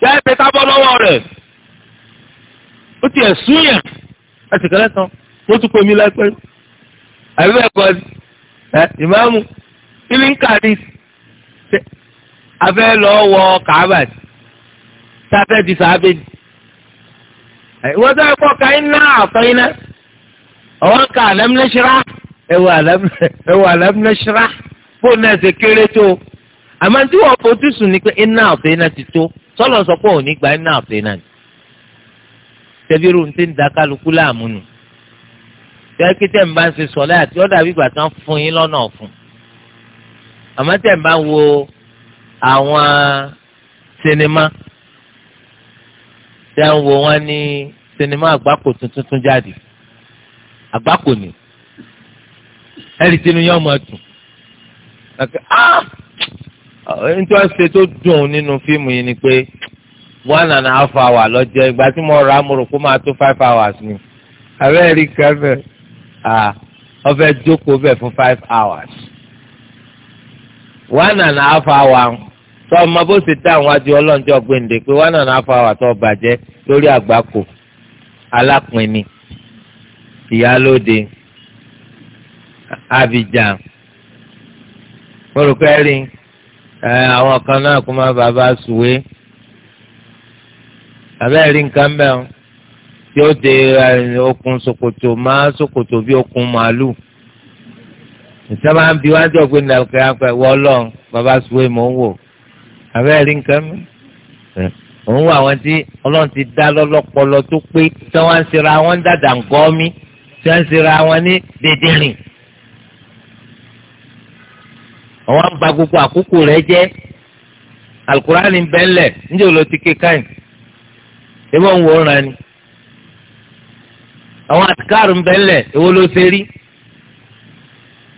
jáde ká bọ́ lọ́wọ́ rẹ̀ ó tiẹ̀ súnyà láti kẹ́lẹ́ tán ó tún pomi lápẹ́ àbí ìmáàmù ilé ń kàdí abẹ́ lọ́wọ́ kàábà tí di sàábẹ́ ìwọ́n eh, tó ẹ̀kọ́ ka iná àtọ́ iná ọ̀wọ́n ka àlẹ́múnẹ́sirá ẹ̀wọ̀ àlẹ́múnẹ́sirá fóònù náà ṣe kéré tó àmọ́ tí wọ́n fojú sùn ni pé iná àtọ́ iná ti tó sọ́lọ́ sọ pé òun ní gba iná àtọ́ iná ni tẹ̀bí irun ti ń da kálukú láàmú nù tẹ́kí tẹ̀ ń bá ń ṣe sọ̀lẹ́ àti ọ̀dà bíbà tán fún yín lọ́nà ọ̀fun àmọ́ tẹ̀ ń bá wo àwọn sinimá ṣé ń wo wọn ní sinimá àgbákò tuntun tún jáde ni ẹ̀rí tinú yóò máa dùn ah! nítorí wọ́n ṣe tó dùn nínú fíìmù yìí ni pé one and half hour lọ́jọ́ ìgbà tí mo rà á mo rò kó five hours ni àbẹ́ rí kan bẹ́ẹ̀ ọbẹ̀ ah, jókòó hours one and half hour tọ́ ọmọ bó ṣe tá àwọn adìẹ ọlọ́njọ́ gbèǹde pé wọn náà náà fa àwàtọ́ bàjẹ́ lórí àgbákò alápinni ìyálóde Abidjan mọ̀rùkẹ́rin àwọn kan náà kó má bàbá sùwé àbẹ́rẹ́ rí nǹkan mẹ́rin tí ó de okùn ṣòkòtò má ṣòkòtò bí okùn màálù ìsábà ń bi wájú ọ̀gbìn nàìjíríà pẹ̀ wọ́ ọlọ́run bàbá sùwé mò ń wò abẹ́rẹ́ nǹkan mi òun wà wọn tí ọlọ́run ti dá lọ́lọ́pọlọ tó pé tí wọ́n ń sera wọn dàda ńkọ́ mi tí wọ́n ń sera wọn ní dèdèrìn. àwọn ń ba gbogbo àkókò rẹ jẹ́ alukurani bẹ́ńlẹ̀ níjẹ́ ò lọ ti ké káyìn ebi òun wò ó ràn ni àwọn àtikárù bẹ́ńlẹ̀ èwo ló ṣe rí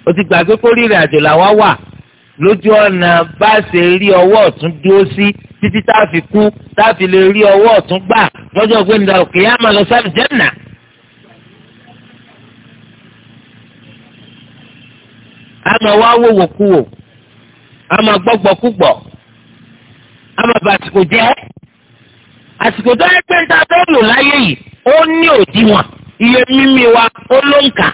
o ti gbàgbé kórìíra àjò làwa wà lójú ọ̀nà bá ṣe rí ọwọ́ ọ̀tún dúró sí títí tá a fi kú tá a fi lè rí ọwọ́ ọ̀tún gbà lọ́jọ́ pé nígbà òkè yá máa lọ sáà jẹ́nà. a máa wá wòwò kú wò a máa gbọ́gbọ́ kú gbọ́ a máa bá àsìkò jẹ́ àsìkò tó ẹgbẹ́ ń ta tó lò láyé yìí ó ní òdiwọ̀n iye mímí wa ó ló ń kà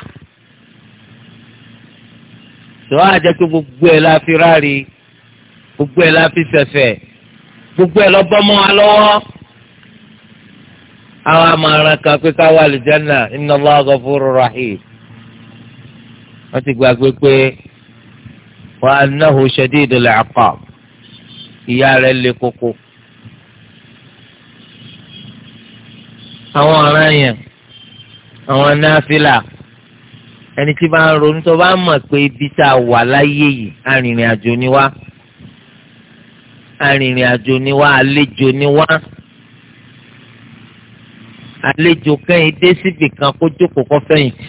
tòun á jẹ́ pé gbogbo ẹ̀ la fi rárí gbogbo ẹ̀ la fi fẹ̀fẹ̀ gbogbo ẹ̀ lọ bọ́ mọ́ wa lọ́wọ́ àwọn amọ̀ràn kan pé ká wà lùjánà inna Allaha ghafurur rahim wọ́n ti gbàgbé pé wa annahu shadidul iqab ìyá rẹ̀ le koko. àwọn ọ̀ràn yẹn àwọn náfìlà ẹni tí bá ń ronú tó bá mọ̀ pé ibi tá a wà láyé yìí arìnrìn àjò ni wá arìnrìn àjò ni wá àlejò ni wá àlejò kẹ́yìn dé síbì kan kó jókòó kó fẹ̀yìntì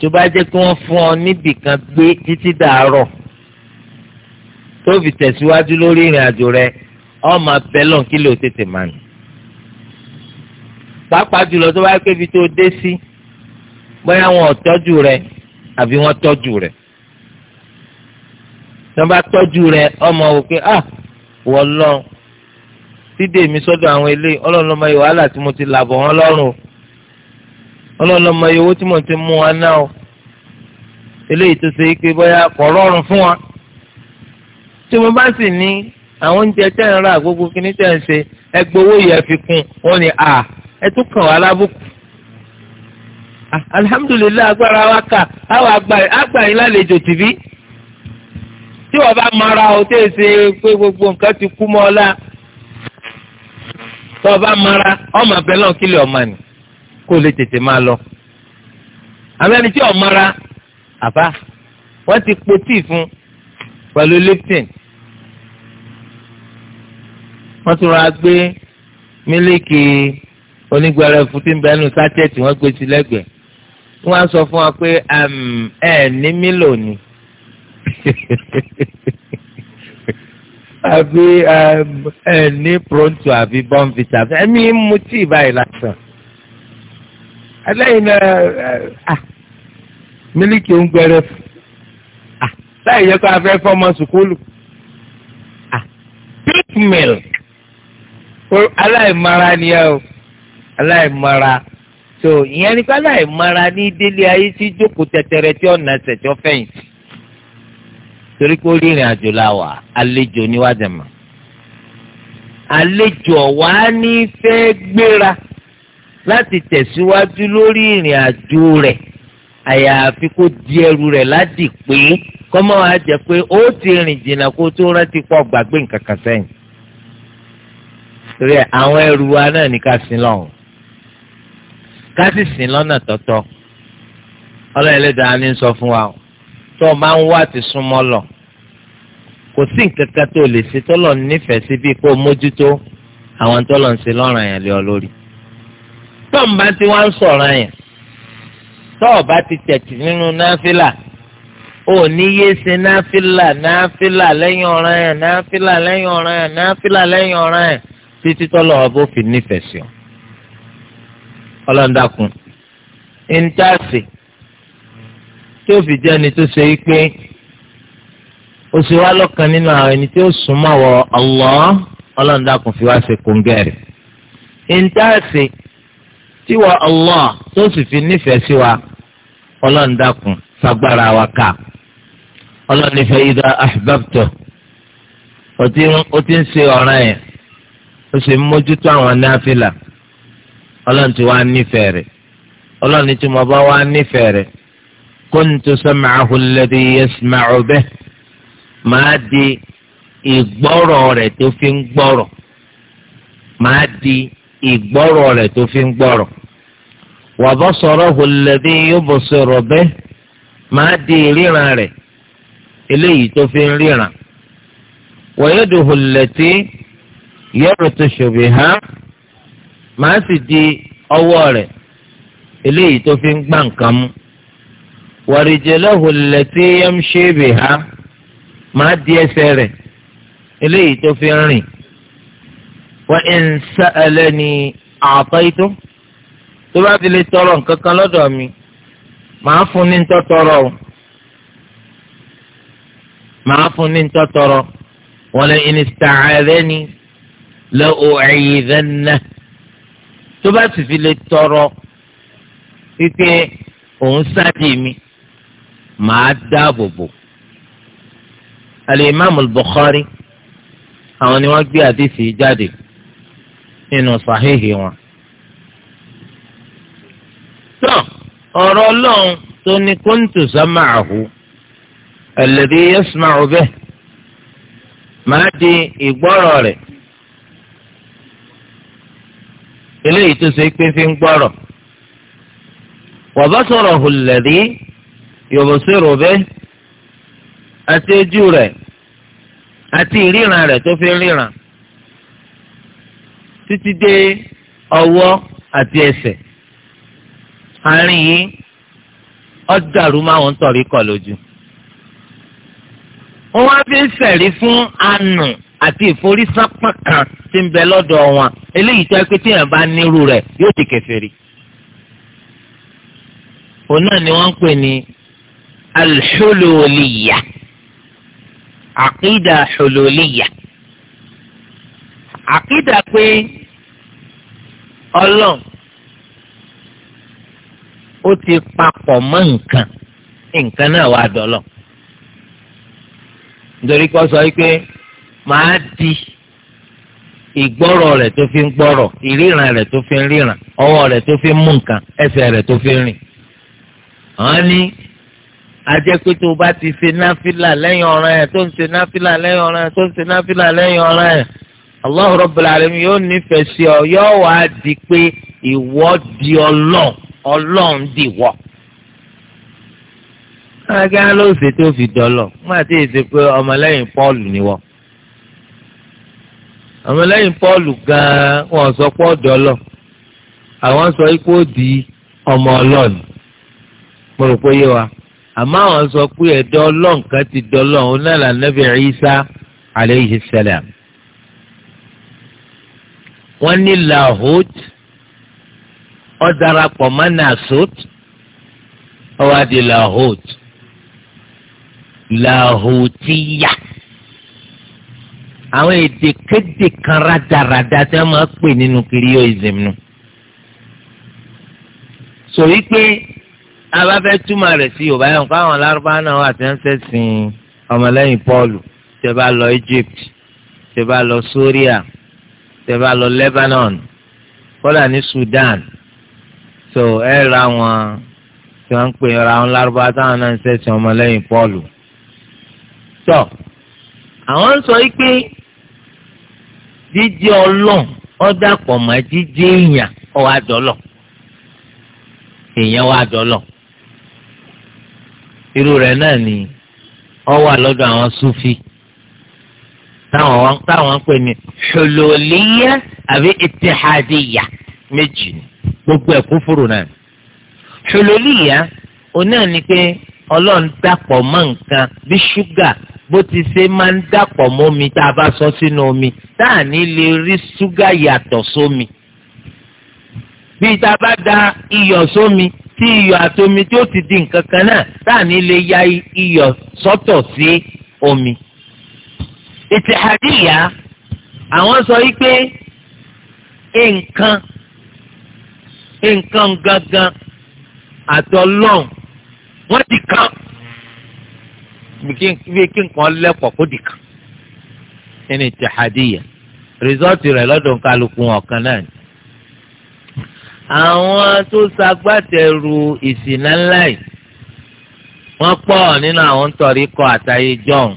tó bá jẹ́ kí wọ́n fún ọ níbì kan gbé títí dàárọ̀ tó tẹ̀síwájú lórí ìrìn àjò rẹ ọ máa kí lè o tètè máa nù pàápàá jùlọ tó bá pé ibi tó dé sí. Si, bóyá wọn ò tọ́jú rẹ̀ àbí wọ́n tọ́jú rẹ̀ tí wọ́n bá tọ́jú rẹ̀ ọmọ wò pé ah wọ́n lọ sídè mi sọ́dọ̀ àwọn eléyìí ọlọ́run lọ́mọ yìí wàhálà tí mo ti là bọ̀ wọ́n lọ́rùn ọlọ́run lọ́mọ yìí owó tí mo ti mú wọn náà eléyìí tó ṣe é pé bóyá kò rọrùn fún wa tí mo bá sì ní àwọn oúnjẹ tẹ̀ ń ra gbogbo kíní ṣe ẹgbẹ́ owó yẹn fi kún wọn ni à ah, ẹ tún kàn wá lábùkù alihamudulilayi agbára wa kà àwọn àgbà yín lálejò tìbí tí wọ́n bá mara o tẹ́ ẹ ṣe pé gbogbo nǹkan ti kú mọ́ ọ la tí wọ́n bá mara ọmọ abẹ́ náà kílẹ̀ ọmọ ni kó lè tètè máa lọ àmẹ́ni tí wọ́n mara àbá wọ́n ti po tíì fún pẹ̀lú lipton wọ́n tún ra gbé mílíkì onígbẹrẹ fún tí ń bẹ́ẹ̀ nù sátẹ́ẹ̀tì wọ́n gbé sí lẹ́gbẹ̀ẹ́ wọ́n á sọ fún wa pé ẹ ní mílò ni àbí ẹ ní pronto àbí bọ́ǹfìtà ẹ̀mí mu tíì báyìí lásán ẹlẹ́yìn náà mílíkì ń gbẹrẹ fún láì yẹ kó afẹ́ fọmọ sùkúlù pink milk aláìmara ni ẹ o aláìmara. so ìyẹn ni kálá ìmọ̀ra ní délé ayé tí jókòó tẹtẹrẹ tí ọ̀nà ṣẹ̀tọ́ fẹ̀yìntì torí pé ó àjò la wà àlejò níwájú mọ́ àlejò wa ní fẹ́ gbéra láti tẹ̀síwájú lórí ìrìn àjò rẹ̀ àyàfi kó di ẹrù rẹ̀ láti pé kọ́mọ́ wa jẹ́ pé ó ti rìn jìnnà kó tó rántí pọ̀ gbàgbé nǹkan kan sẹ́yìn torí àwọn ẹrù wa náà ní ká sin lọ́hùn ká sì sìn lọ́nà tọ̀tọ̀ ọlọ́run ẹlẹ́dàá ni ń sọ fún wa tó o máa ń wá ti súnmọ́ lọ kò sí nǹkan kan tó lè ṣe tọ́lọ̀ nífẹ̀ẹ́ sí bí kó o mójútó àwọn tọ́lọ̀ ń ṣe lọ́rùn àyàn lé ọ lórí tó ń bá ti wá ń sọ̀rọ̀ àyàn tó o bá ti tẹ̀tì nínú náfìlà ò ní yé ṣe náfìlà náfìlà lẹ́yìn ọ̀ràn yẹn náfìlà lẹ́yìn ọ̀ràn yẹn náfìlà lẹ́yìn ọ̀ràn yẹn títí tọ́lọ̀ ọba fi nífẹ̀ẹ́ sí ọ ọlọ́ndàkùn íńtàsì tí o fi jẹ́ ẹni tó ṣe é o ó wá lọ́kàn nínú àwọn ẹni tí ó súnmọ́ wọ ọlọ́ndàkùn fi wá ṣe kóńgẹ́rì íńtàsì tí wọ Allah tó sì fi nífẹ̀ẹ́ sí wa ọlọ́ndàkùn sagbára wa ká ọlọ́nìfẹ́ idha ahbabtu ó ti ń ṣe ọ̀ràn yẹn sì ń mójútó ọlọ́run ti wá nífẹ̀ẹ́ rẹ̀ ọlọ́run tí mo bá wá nífẹ̀ẹ́ rẹ̀ kuntu sam'ahu alladhi yasma'u bihi màá di ìgbọ́rọ̀ rẹ̀ tó fi ń gbọ́rọ̀ màá di ìgbọ́rọ̀ rẹ̀ tó fi ń gbọ́rọ̀ wa basarahu alladhi yubsiru bihi màá di ìríran rẹ̀ eléyìí tó fi ń ríran wa yaduhu allati yabtashu biha màá sì di ọwọ́ rẹ̀ eléyìí tó fi ń gbá nǹkan mú wàrìjẹlẹ́hùn lẹ́tí yẹ́mṣẹ́ ibè ha màá di ẹsẹ̀ rẹ̀ eléyìí tó fi ń rìn wọ́n ń sá ẹlẹ́ni àtọ́yìtó tó bá fi lè tọrọ nǹkan kan lọ́dọ̀ mi màá fún ní tọ́tọrọ o màá fún ní tọ́tọrọ wọ́n lè ń sàárẹ́ni lọ́ọ́ ẹ̀yìn dẹ́nẹ́ tó bá sì fi lè tọrọ wípé òun sáàdì mi màá dáàbò bò alimami Bukhari àwọn ni wọ́n gbé àdìsí jáde nínú sàhíhì wọn. tó ọ̀rọ̀ ọlọ́run tó ní kóńtù sámàáhù alladhi yasma'u bihi màá di ìgbọ́rọ̀ rẹ̀. eléyìí tó ṣe pé fi ń gbọ́rọ̀ wàbá sọ̀rọ̀ hùlẹ̀dí yòbòsírò bẹ́ àti ojú rẹ̀ àti ìríran rẹ̀ tó fi ríran títí dé ọwọ́ àti ẹsẹ̀ àárín yìí ọ̀dàrú máwọn tọ̀rí kọ̀ lójú. wọ́n wá fi ń sẹ̀rí fún àánú àti ìforísápá kan tí ń bẹ lọ́dọ̀ wọn eléyìí tó pé tíyàn bá nírú rẹ̀ yóò ti kèfèrí. òun náà ni wọ́n ń pè ní alḥuloliya àkídà ṣòlòlíyà àkídà pé ọlọ́run ó ti papọ̀ mọ́ nǹkan nǹkan náà wà dọ́lọ̀ nítorí kó sọ pé máa di ìgbọ́rọ̀ rẹ̀ tó fi ń gbọ́rọ̀ ìríran rẹ̀ tó fi ń ríran ọwọ́ rẹ̀ tó fi ń mú nǹkan ẹsẹ̀ rẹ̀ tó fi ń rìn. àwọn ní ajẹ́ pé tó bá ti ṣe náfìlà lẹ́yìn ọ̀ràn ẹ̀ tó ń ṣe náfìlà lẹ́yìn ọ̀ràn ẹ̀ tó ń ṣe náfìlà lẹ́yìn ọ̀ràn ẹ̀ Allahu Rabbul Alamin yóò nífẹ̀ẹ́ sí ọ yóò wá di pé ìwọ di ọlọ́run ọlọ́run di wọ. káàkiri ló ṣètò òfin dọ́lọ̀ nígbà tí pé ọmọlẹ́yìn Pọ́ọ̀lù ni wọ́n àwọn lẹ́yìn Pọ́ọ̀lù gan-an wọn sọ pé ọ̀dọ́ lọ àwọn sọ pé ó di ọmọ ọlọ́ọ̀nù mo rò pé yé wa àmọ́ àwọn sọ pé ẹ̀dọ́ ọlọ́ọ̀n kan ti dọ́lọ́ òun náà là Nábì Ìsá alayhi salam wọ́n ní lahud ó darapọ̀ mọ́ lahud lahutiya àwọn èdè kéde kan rádaràda tí wọ́n máa pè nínú kirioism nu. sọ wípé abáfẹ́ túmọ̀ rẹ̀ sí yorùbá yẹn káwọn alárúbá náà wà tí wọ́n sẹ́sìn ọmọlẹ́yìn pọ́ọ̀lù tẹ́ bá lọ Egypt tẹ́ bá lọ Syria tẹ́ bá lọ Lebanon kọ́là ní Sudan so ẹ ra wọn tí wọ́n ń pè ra wọn lárúbá táwọn náà ń sẹ́sìn ọmọlẹ́yìn pọ́ọ̀lù. tọ́ àwọn ń sọ wípé jíjẹ́ ọlọ́run ọ̀dàpọ̀ mọ́ jíjẹ́ èèyàn ọwọ́ àdọ́lọ̀ èèyàn wà dọ́lọ̀ irú rẹ̀ náà ni ọ wà lọ́dọ̀ àwọn sufi táwọn táwọn ń pè ní hululiyya àbí ittihadiyya méjì gbogbo ẹ̀ kúfúrú náà hululiyya òun náà ni pé ọlọ́run dàpọ̀ mọ́ nǹkan bí ṣúgà bó ti ṣe máa ń dàpọ̀ mọ́ omi tá a bá sọ sínú omi tá à ní lè rí ṣúgà yàtọ̀ sómi. bí tá a bá da iyọ̀ sómi tí iyọ̀ àtomi tí ó ti di nǹkan kan náà tá à ní lè ya iyọ̀ sọ́tọ̀ sí omi. ìtìhàdìyà àwọn sọ yìí pé nǹkan nǹkan gangan àtọlọ́hùn wọ́n di kan bí kí lẹ́pọ̀ kó di kan nínú ìtìhadìyà rìsọ́ọ̀tì rẹ̀ lọ́dún kálukú ọ̀kan náà ni. àwọn tó sagbátẹrù ìsìnà ńlá yìí wọ́n nínú àwọn tọ̀rí kọ àtàyè john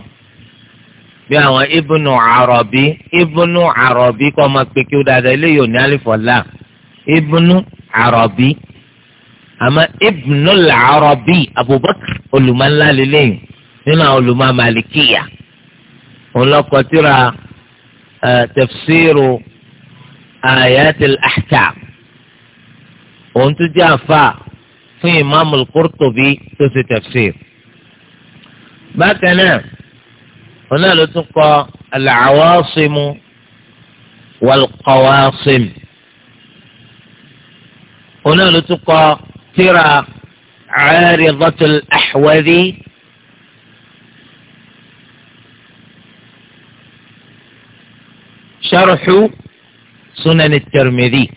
bí àwọn ibùnú àrọ̀bí ibùnú àrọ̀bí k'ọ máa pe kí ó dáadáa eléyìí ò ní ibùnú àmọ́ ibnul arabi abubakar olùmọ̀nlá lélẹ́yìn nínú àwọn olùmọ̀ malikiya ọlọ́kọ̀tìrà tafsiru ayatul ahkam òun tún jẹ́ àfa fún imaamu qurtubi tó ṣe tafsir. bákan náà wọn náà ló tún kọ al-awasimu wal náà ló tún kọ tíra Aridatul Ahwadi. sharhu sunan at-Tirmidhi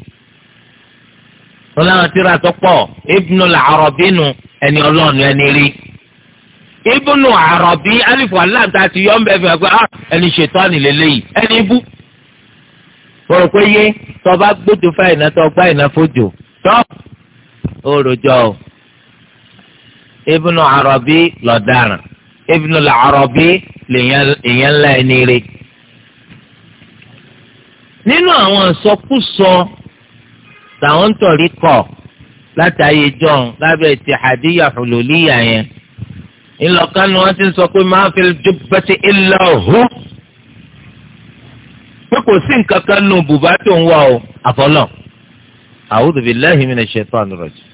wọn làwọn tíra tó pọ̀ Ibnul Arabi nù ẹni ọlọ́ọ̀nù ẹni rí ibùnú àròbí alifu aláǹtà ti yọ ọ́nbẹ́ fún ẹgbẹ́ ah, ẹni ṣètọ́ni lélẹ́yìí ẹni ibú. mo rò pé yé tọba gbódò fáìnà tó gbá ìnáfójò tó ó rojọ́ o Ibn Arabi lọ́daràn Ibn al-Arabi lèèyàn ńlá ẹni rè nínú àwọn sọkúsọ làwọn ń tọ̀rí kọ̀ látàyè john lábẹ́ ti hadiya hululiyya yẹn ńlọkànnì wọn ti ń sọ pé máa fi jubbati illa hu pé kò sí nǹkan kan nù bùbá tó ń wá o àfọlọ́ a'udhu billahi minash shaitani rajim.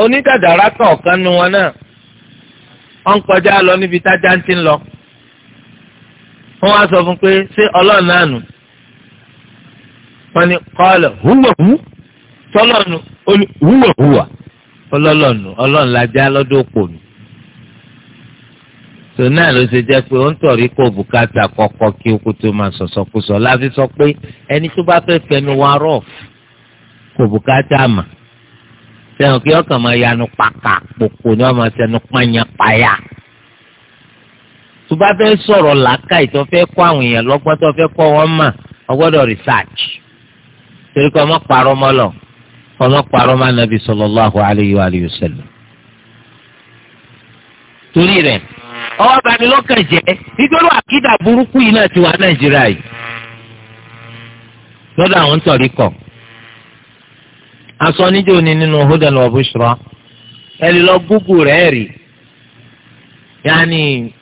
onídàdàrà kan ọ̀kan nu wọn náà wọ́n kọjá lọ níbi tájà ń ti lọ wọ́n wá sọ fún pé ṣé ọlọ́run náà nù wọ́n ní kọ́ọ̀lọ̀ húwọ̀hú tọ́lọ́nù húwọ̀húwà ọlọ́lọ́nù ọlọ́run lajá lọ́dọ̀ òpò nù tò náà ló ṣe jẹ́ pé ó ń tọ̀rí kó bùkátà kọ́kọ́ kí o kó tó máa sọ̀sọ̀kúsọ láfi sọ pé ẹni tó bá fẹ́ fẹnu wa rọ̀ kó bùkátà mà. sẹ́wọ̀n kí ọkàn máa yanu pàkà ni ní ọmọ sẹ́nu pányá páyà. tó bá fẹ́ sọ̀rọ̀ làákàyè tó fẹ́ kọ́ àwọn èèyàn lọ́gbọ́n tó fẹ́ kọ́ wọn mà ọgbọ́dọ̀ research. torí kọ́ ọmọ parọ́ mọ́ lọ ọmọ mọ́ anabi bani lọ́kàn jẹ́ nítorí àkídà burúkú yìí náà ti wà Nàìjíríà yìí lọ́dọ̀ àwọn tọ̀rí aṣọ níjó ni nínú hudan wa bushra ẹ lè lọ gúgù rẹ̀ rí yaani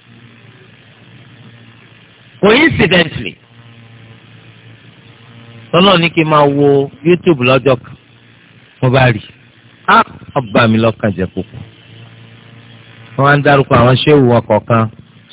coincidentally tọ́lọ́ ní kí n máa wo youtube lọ́jọ́ kan mo bá rí á ah, ọba mi lọ́kàn jẹ́ púpọ̀ wọ́n á ń dárúkọ àwọn ṣéwù wọn kọ̀ọ̀kan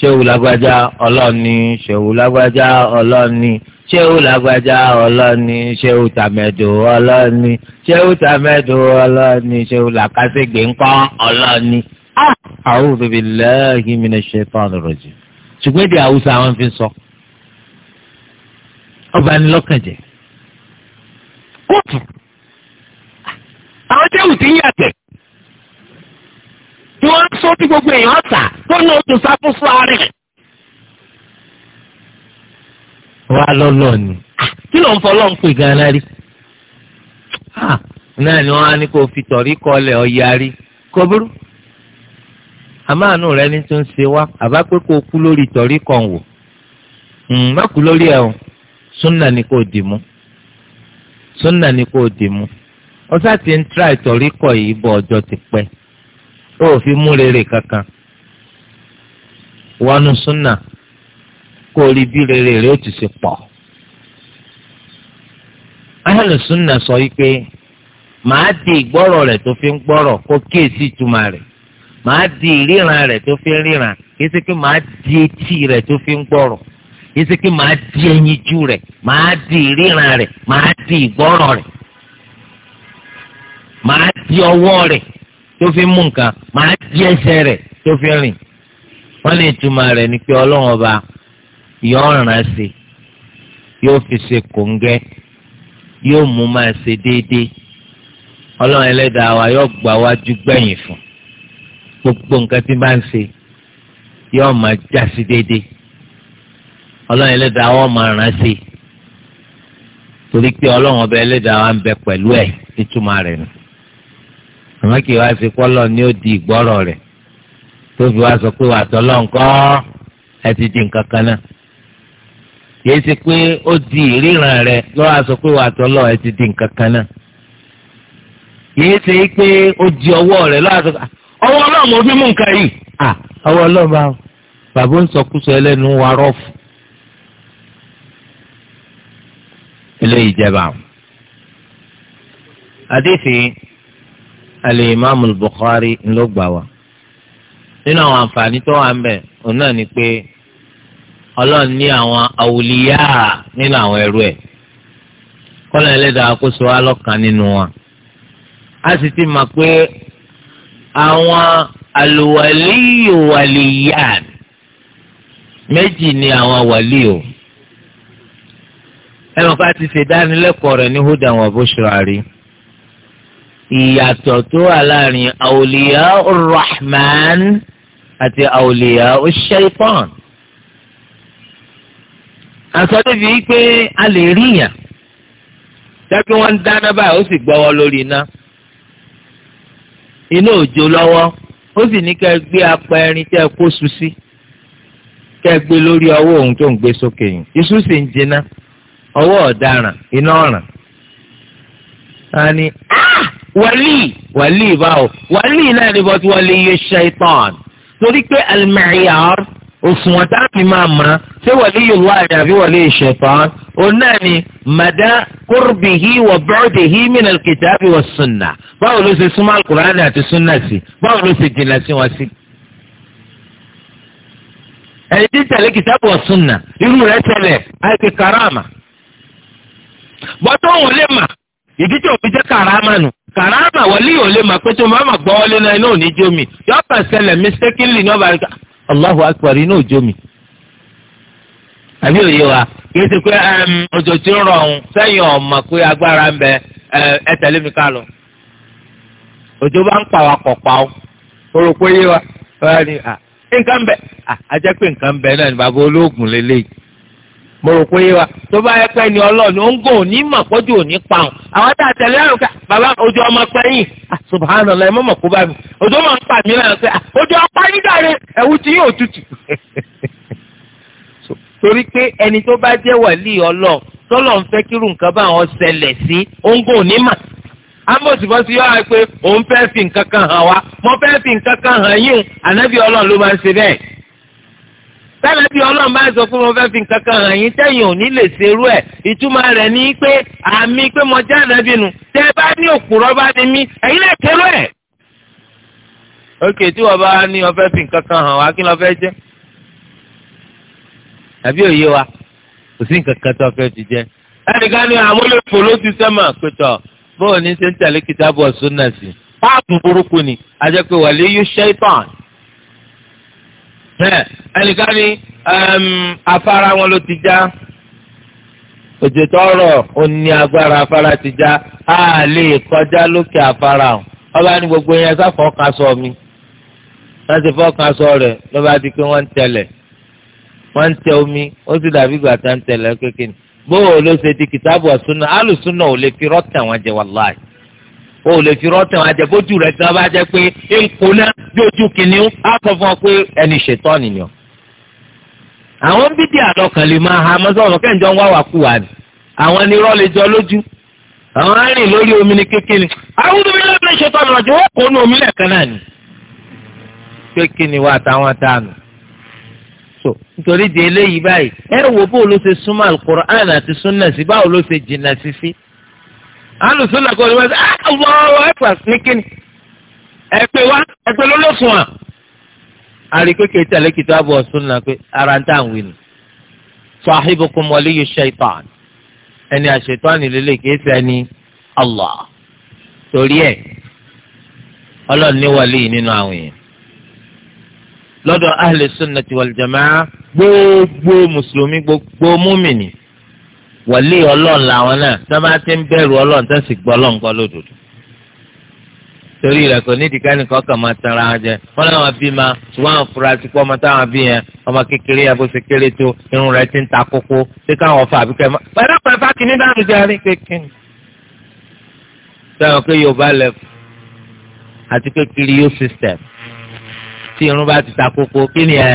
ṣéwù lágbájá ọlọ́ọ̀ni ṣéwù lágbájá ọlọ́ọ̀ni ṣéwù lágbájá ọlọ́ọ̀ni ṣéwù tàmẹ̀dò ọlọ́ọ̀ni ṣéwù tàmẹ̀dò ọlọ́ọ̀ni ṣéwù làkàṣègbè ńkọ́ ọlọ́ọ̀ni. Ah! a'udhu billahi minash shaitanir rajim ṣùgbọ́n èdè àwùsọ àwọn fi sọ ọba ni lọ́kàn jẹ kóòtù àwọn jẹ́wù ti ń yàtẹ̀ tí wọ́n sọ tí gbogbo èèyàn ọ̀tà tó ní oṣù sáfún fún ààrẹ. wà á lọ́lọ́ ni kí ló ń fọ́ lọ́n pè gan-an rí. náà ni wọ́n á ní kó fi tọ̀rí kọlẹ̀ ọ̀yarí kó burú. àmáàánú rẹ ní tó ń ṣe wá àbá pé kó o kú lórí tọ̀rí kan wò. Hmm, má kú lórí ẹ̀ súnà ni kò dì mú súnà ni kò dì mú ọ̀sá ti ń tra ìtọ̀rí kọ yìí bọ̀ ọjọ́ ti pẹ́ ó fi mú rere kankan wọnú súnà kó o rí bí rere rẹ ó ti ṣe pọ̀ ahlu súnà sọ yìí pé màá di ìgbọ́rọ̀ rẹ̀ tó fi ń gbọ́rọ̀ kó kíyèsí ìtumọ̀ rẹ̀ màá di ìríran rẹ̀ tó fi ń ríran kìí ṣe pé màá di etí rẹ̀ tó fi ń gbọ́rọ̀ kìí ṣe màá di ẹyinjú rẹ̀ màá di ìríran rẹ̀ màá di ìgbọ́rọ̀ rẹ̀ màá di ọwọ́ rẹ̀ tó fi mú nǹkan màá jí ẹsẹ̀ rẹ̀ tó fi rìn wọ́n lè túmọ̀ rẹ̀ ní pé ọlọ́run ọba yọ ọ̀ràn sí yóò fi ṣe kòńgẹ́ yóò mú máa ṣe déédéé ọlọ́run ẹlẹ́dàá wa yóò gbà wájú gbẹ̀yìn fún gbogbo nǹkan tí bá ń ṣe yóò máa já sí déédéé ọlọ́run ẹlẹ́dàá wa máa ràn sí torí pé ọlọ́run ọba ẹlẹ́dàá wa ń bẹ pẹ̀lú ẹ̀ ìtumọ̀ rẹ̀ nù. àmọ́ kì í wá sí pọ́lọ̀ ó di ìgbọ́rọ̀ rẹ̀ tó fi wá sọ pé tọ́lọ̀ ẹ ti di nǹkan kan náà ṣe pé ó di ìríran rẹ̀ a sọ pé wà tọ́lọ̀ ẹ ti di nǹkan kan náà ṣe pé ó di ọwọ́ rẹ̀ a sọ ọwọ́ mú nǹkan yìí ọwọ́ bàbá ń sọkúsọ ẹlẹ́nu wa rọ́ọ̀fù alimami Bukhari ló gbà wá nínú àwọn àǹfààní tó wà ń bẹ òun náà ni pé ọlọ́run ní àwọn awuliya nínú àwọn ẹrú ẹ̀ kọ́lá ẹlẹ́dàá kó so wá lọ́kàn nínú wa a sì ti mọ̀ pé àwọn alùwàlíyò wàlíyà méjì ni àwọn wàlíyò ẹnìkan ti ṣèdánilẹ́kọ̀ọ́ rẹ̀ ní húdà wà bó ṣe àárín. ìyàtọ̀ tó wà láàrin àwòlíyà rahman àti àwòlíyà shaitan. àsọdébí pé a lè rí yàn dákí wọ́n ń dáná báyìí ó sì gbọ́wọ́ lórí iná iná òjò lọ́wọ́ ó sì ní kẹ́ gbé apẹ̀rin tẹ́ kó su sí gbé lórí ọwọ́ òun tó ń gbé sókè yìí iṣu sì ń jiná ọwọ́ ọ̀daràn iná ọ̀ràn a ní ah, wàlí wàlí báwo wàlí náà ni bọ́tú wàlí yé ṣẹ́tàn torí pé alimẹ̀yàr òṣùwọ̀n tá a fi máa mọ̀ ṣé wàlí yóò wá àdá àbí wàlí ṣẹ́tàn òun náà ni màdá kúrbìhí wà bọ́ọ̀dìhí mìíràn kìtàbí wà sùnà báwo ló ṣe súnmọ́ alukur'an àti sùnà sí báwo ló ṣe jìnnà sí wọn sí. ẹni tí tẹ̀lé kìtàbí wà sùnà irú rẹ̀ tẹ̀lé àti karama bọ́tọ̀ òun lè mà ìdí tí òfin nù Karama wọlé yóò lè mà pé tó máa mà gbọ́ wọlé náà iná òní jómi yóò mistakenly ní ọba Allahu akbar iná òjómi. àbí wa kì í ṣe pé òjò ń rọ sẹ́yìn ọ̀mọ̀ pé agbára ń bẹ ẹ tẹ̀lé mi ká òjò bá ń wa kọ̀ pa o pé yé wa mo rò pé wa tó bá yẹ pé ni ọlọ́ọ̀ni ó ń gò ní mọ̀kọ́jú òní pa ọ́n àwọn tá a tẹ̀lé àrùn ká bàbá ojú ọmọ yin. Ah, subhanallah ẹ mọ̀ mọ̀kú bá mi ojú ọmọ ń pa mí náà pé ah, ojú ọpá nídàre ẹ̀wù tí yóò tutù. torí pé ẹni tó bá jẹ́ wàlí ọlọ́ọ̀ tọ́lọ̀ ń fẹ́ kírun nǹkan bá wọn ṣẹlẹ̀ sí ó ń gò ní mà amos bọ́ sí yọ́ra pé òun fẹ́ fi nǹkan kan hàn wá mo fẹ́ fi nǹkan kan hàn yín ànábì ọlọ́run ló máa ń ṣe bẹ́ẹ̀ tálẹ́bí ọlọ́run bá sọ fún mi fẹ́ fi nǹkan kan hàn yín tẹ̀yìn ò ní lè ṣerú ẹ̀ ìtumọ̀ rẹ̀ ní pé àmì pé mo jẹ́ ànábì nù tẹ́ bá ní òkúrọ́ bá ní mí ẹ̀yin lè ṣerú ẹ̀. ókè tí wọ́n bá ní ọ fẹ́ fi nǹkan kan hàn wá kí ló fẹ́ jẹ́ àbí òye wa kò sí nǹkan kan tó fẹ́ ti jẹ́. ẹnìkan ní àmúlòpọ̀ ló ti sẹ́mà pẹ̀tọ̀ bóun ní ṣe ń tẹ̀lé kìtàbù náà sí. páàpù burúkú ni ẹnìkan afara um, afárá wọn ló ti já òjò tọrọ òní agbára afárá ti já a lè kọjá lókè afárá o ọba ni gbogbo yẹn sáfọ sọ mi wọn ti sọ rẹ lọba di pé dàbí gbàtà ń tẹlẹ kékeré bó o ló ṣe di kìtàbù ọ̀sùn náà alùsùn náà o ò lè fi rọ́tàn wá jẹ bójú rẹ̀ tí wọ́n bá jẹ́ pé ń kóná bí ojú kìnìún á sọ fún ọ pé ẹni ṣètọ́ nìyàn. àwọn bídìí àdọkàn lè máa ha kẹ́ńjọ́ ń wá wà kú wa ni àwọn lè jọ lójú àwọn arìn lórí omi ni kékeré àwọn omi lẹ́gbẹ̀ẹ́ ṣètọ́ nìyàn jù wọ́n kó nu omi lẹ́ẹ̀kan náà ni. kékeré wa táwọn tánu so nítorí di eléyìí báyìí ẹ wo bó ló ṣe súnmọ́ Al-Qur'an àti súnnà alùsùn náà kò ní wọ́n sọ ọlọ́wọ́ ẹ̀fàs ní kíni ẹ̀pẹ̀ wá ẹ̀pẹ̀ lọ́lọ́sùn à. àríkékè tẹ̀lé kìtàbù ọ̀sùn náà pé ara ń tàn wí nù. sahibukum waliyu shaitan ẹni àṣetán ìlélẹ̀ kìí sẹ́ni Allah torí ẹ̀ ọlọ́run ní wàlí nínú àwọn èèyàn lọ́dọ̀ ahli sunnati wal jamaa gbogbo mùsùlùmí gbogbo wọlé ọlọ́run làwọn náà tó bá ti ń bẹ̀rù ọlọ́run tó sì gbọ́ ọlọ́run gbọ́ lódodo. torí rẹ̀ kò ní ìdíkà nìkan kàn máa tanra wọn jẹ wọn làwọn bí ma ṣùgbọ́n afurasí pọ́ ọmọ táwọn bí yẹn ọmọ kékeré yẹn bó ṣe kéré tó irun rẹ̀ ti ń ta kókó ṣé káwọn fà bíkẹ́ mọ́. pẹ̀lú ọ̀pẹ̀ fákìní dáhùn jẹ́ rí kékeré. pé yorùbá lẹ̀ àti kékeré yóò system tí irun bá ti ta kókó kí ni ẹ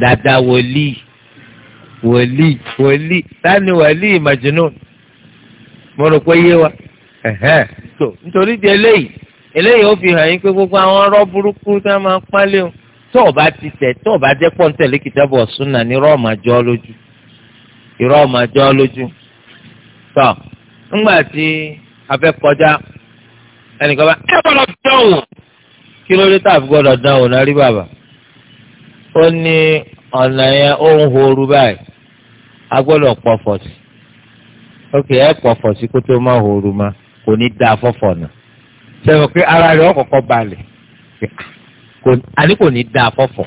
dáadáa wòlíì wòlíì wòlíì tani wòlíì majnun mo rò pé yé wa tó nítorí di eléyìí eléyìí ó fi hàn yín pé gbogbo àwọn ọ̀rọ̀ burúkú tí wọ́n máa ń o tó o bá ti tẹ tó o bá jẹ́ pọ̀ ń tẹ̀lé kìtàbù sunna ní irọ́ ọ̀ma jọ́ lójú irọ́ ọ̀ma jọ́ lójú tó ńgbà tí kí ọ̀nà yẹn ó ń horu báyìí a gbọ́dọ̀ pọ̀fọ̀ sí ok ẹ pọ̀fọ̀ sí kó tó má horu ma kò ní da fọ́fọ̀ náà sẹ́wọ̀n pé ara rẹ̀ ọ̀kọ̀ọ̀kọ̀ balẹ̀ àní ah, kò ní da fọ́fọ̀.